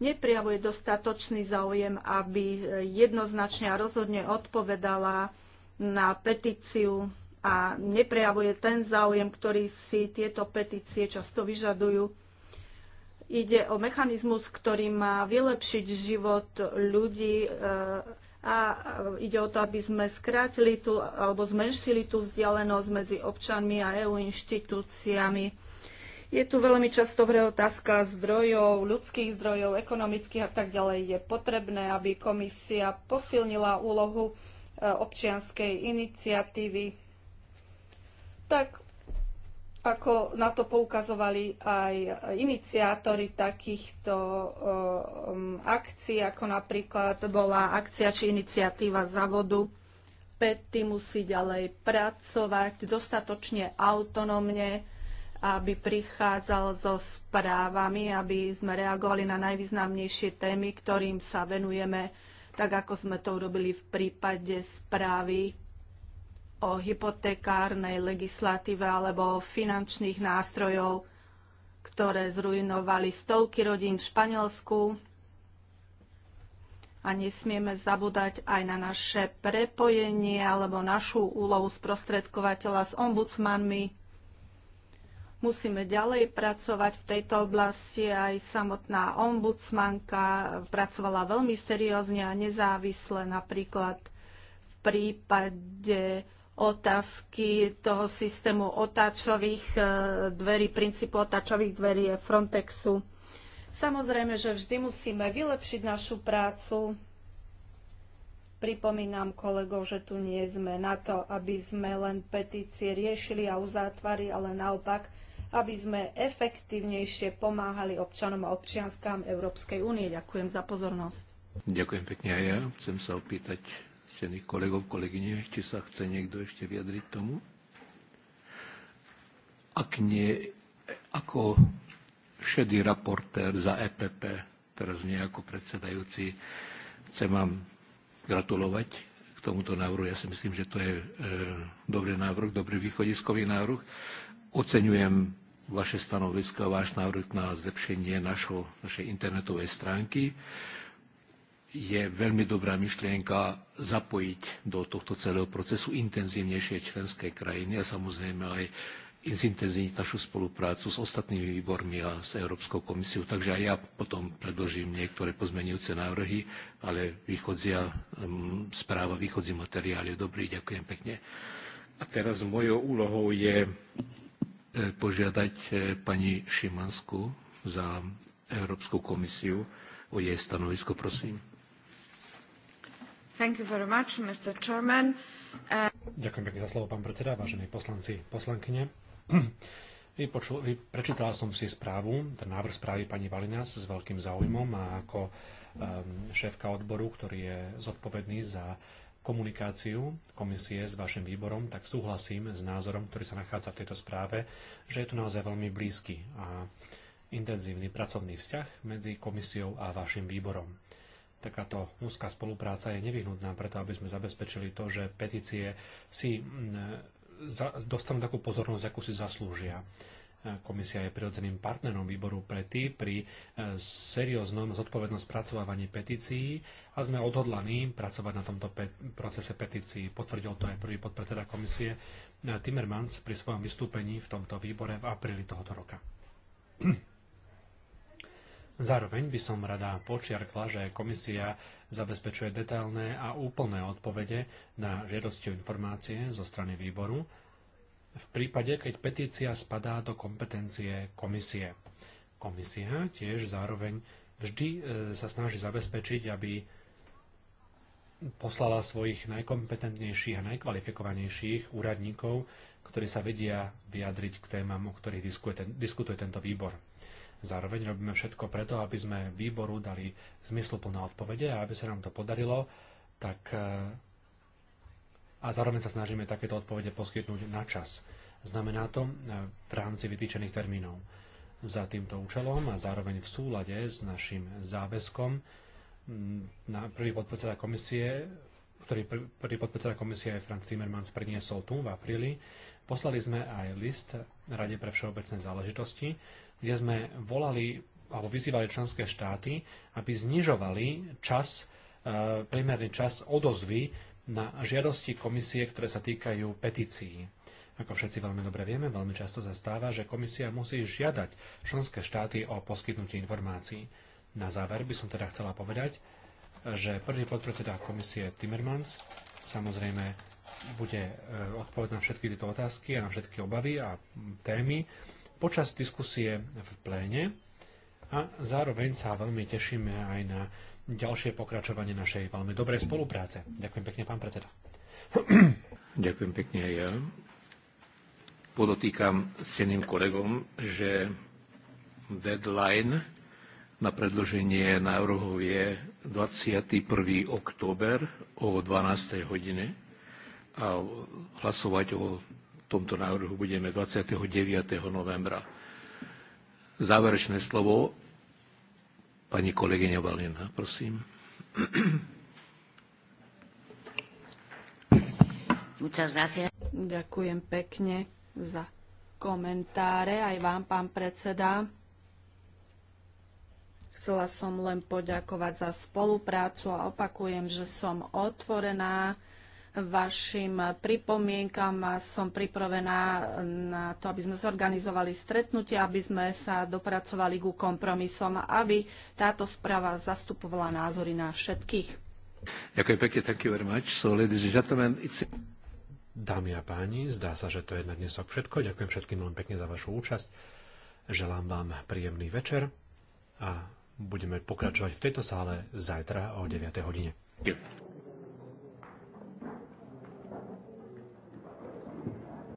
nepriavuje dostatočný záujem, aby e, jednoznačne a rozhodne odpovedala na petíciu a neprejavuje ten záujem, ktorý si tieto petície často vyžadujú. Ide o mechanizmus, ktorý má vylepšiť život ľudí e, a e, ide o to, aby sme skrátili tú, alebo zmenšili tú vzdialenosť medzi občanmi a EU inštitúciami. Je tu veľmi často hre otázka zdrojov, ľudských zdrojov, ekonomických a tak ďalej. Je potrebné, aby komisia posilnila úlohu občianskej iniciatívy. Tak ako na to poukazovali aj iniciátori takýchto um, akcií, ako napríklad bola akcia či iniciatíva za vodu. Pety musí ďalej pracovať dostatočne autonómne, aby prichádzal so správami, aby sme reagovali na najvýznamnejšie témy, ktorým sa venujeme tak ako sme to urobili v prípade správy o hypotekárnej legislatíve alebo finančných nástrojov, ktoré zrujnovali stovky rodín v Španielsku. A nesmieme zabúdať aj na naše prepojenie alebo našu úlohu sprostredkovateľa s ombudsmanmi Musíme ďalej pracovať v tejto oblasti. Aj samotná ombudsmanka pracovala veľmi seriózne a nezávisle napríklad v prípade otázky toho systému otáčových e, dverí, princípu otáčových dverí je Frontexu. Samozrejme, že vždy musíme vylepšiť našu prácu. Pripomínam kolegov, že tu nie sme na to, aby sme len petície riešili a uzatvárali, ale naopak aby sme efektívnejšie pomáhali občanom a občianskám Európskej únie. Ďakujem za pozornosť. Ďakujem pekne aj ja. Chcem sa opýtať cených kolegov, kolegyne, či sa chce niekto ešte vyjadriť tomu. Ak nie, ako šedý raportér za EPP, teraz nie ako predsedajúci, chcem vám gratulovať k tomuto návrhu. Ja si myslím, že to je e, dobrý návrh, dobrý východiskový návrh. Oceňujem vaše stanovisko a váš návrh na zlepšenie našo, našej internetovej stránky. Je veľmi dobrá myšlienka zapojiť do tohto celého procesu intenzívnejšie členské krajiny a samozrejme aj zintenzívniť našu spoluprácu s ostatnými výbormi a s Európskou komisiou. Takže aj ja potom predložím niektoré pozmenujúce návrhy, ale východzia mm, správa, východzí materiál je dobrý. Ďakujem pekne. A teraz mojou úlohou je E, požiadať e, pani Šimanskú za Európsku komisiu o jej stanovisko, prosím. Thank you very much, Mr. Chairman. E, Ďakujem pekne za slovo, pán predseda, vážení poslanci, poslankyne. [CLEARS THROAT] Vypočul, vy, prečítala som si správu, ten návrh správy pani Valinas s veľkým záujmom a ako um, šéfka odboru, ktorý je zodpovedný za uh, komunikáciu komisie s vašim výborom, tak súhlasím s názorom, ktorý sa nachádza v tejto správe, že je tu naozaj veľmi blízky a intenzívny pracovný vzťah medzi komisiou a vašim výborom. Takáto úzka spolupráca je nevyhnutná preto, aby sme zabezpečili to, že petície si mm, dostanú takú pozornosť, akú si zaslúžia Komisia je prirodzeným partnerom výboru PETI pri e, serióznom zodpovednom spracovávaní petícií a sme odhodlaní pracovať na tomto pe- procese petícií. Potvrdil to aj prvý podpredseda komisie e, Timmermans pri svojom vystúpení v tomto výbore v apríli tohoto roka. [CLEARS THROAT] Zároveň by som rada počiarkla, že komisia zabezpečuje detailné a úplné odpovede na žiadosti o informácie zo strany výboru v prípade, keď petícia spadá do kompetencie komisie. Komisia tiež zároveň vždy e, sa snaží zabezpečiť, aby poslala svojich najkompetentnejších a najkvalifikovanejších úradníkov, ktorí sa vedia vyjadriť k témam, o ktorých diskutuje, ten, diskutuje tento výbor. Zároveň robíme všetko preto, aby sme výboru dali zmysluplné odpovede a aby sa nám to podarilo, tak e, a zároveň sa snažíme takéto odpovede poskytnúť na čas. Znamená to e, v rámci vytýčených termínov. Za týmto účelom a zároveň v súlade s našim záväzkom na prvý podpredseda komisie ktorý prvý podpredseda komisie aj Franz Timmermans predniesol tu v apríli, poslali sme aj list Rade pre všeobecné záležitosti, kde sme volali alebo vyzývali členské štáty, aby znižovali čas, e, priemerný čas odozvy na žiadosti komisie, ktoré sa týkajú petícií. Ako všetci veľmi dobre vieme, veľmi často sa stáva, že komisia musí žiadať členské štáty o poskytnutie informácií. Na záver by som teda chcela povedať, že prvý podpredseda komisie Timmermans samozrejme bude e, odpovedať na všetky tieto otázky a na všetky obavy a témy počas diskusie v pléne a zároveň sa veľmi tešíme aj na ďalšie pokračovanie našej veľmi dobrej spolupráce. Ďakujem pekne, pán predseda. [CLEARS THROAT] Ďakujem pekne aj ja. Podotýkam steným kolegom, že deadline na predloženie Eurohov je 21. október o 12. hodine a hlasovať o tomto návrhu budeme 29. novembra. Záverečné slovo Pani kolegyňa Valina, prosím. Ďakujem pekne za komentáre aj vám, pán predseda. Chcela som len poďakovať za spoluprácu a opakujem, že som otvorená vašim pripomienkam a som pripravená na to, aby sme zorganizovali stretnutie, aby sme sa dopracovali ku kompromisom, aby táto správa zastupovala názory na všetkých. Ďakujem pekne, thank you very much. So, ladies and gentlemen, it's... Dámy a páni, zdá sa, že to je na dnes všetko. Ďakujem všetkým veľmi pekne za vašu účasť. Želám vám príjemný večer a budeme pokračovať v tejto sále zajtra o 9. hodine. Yeah.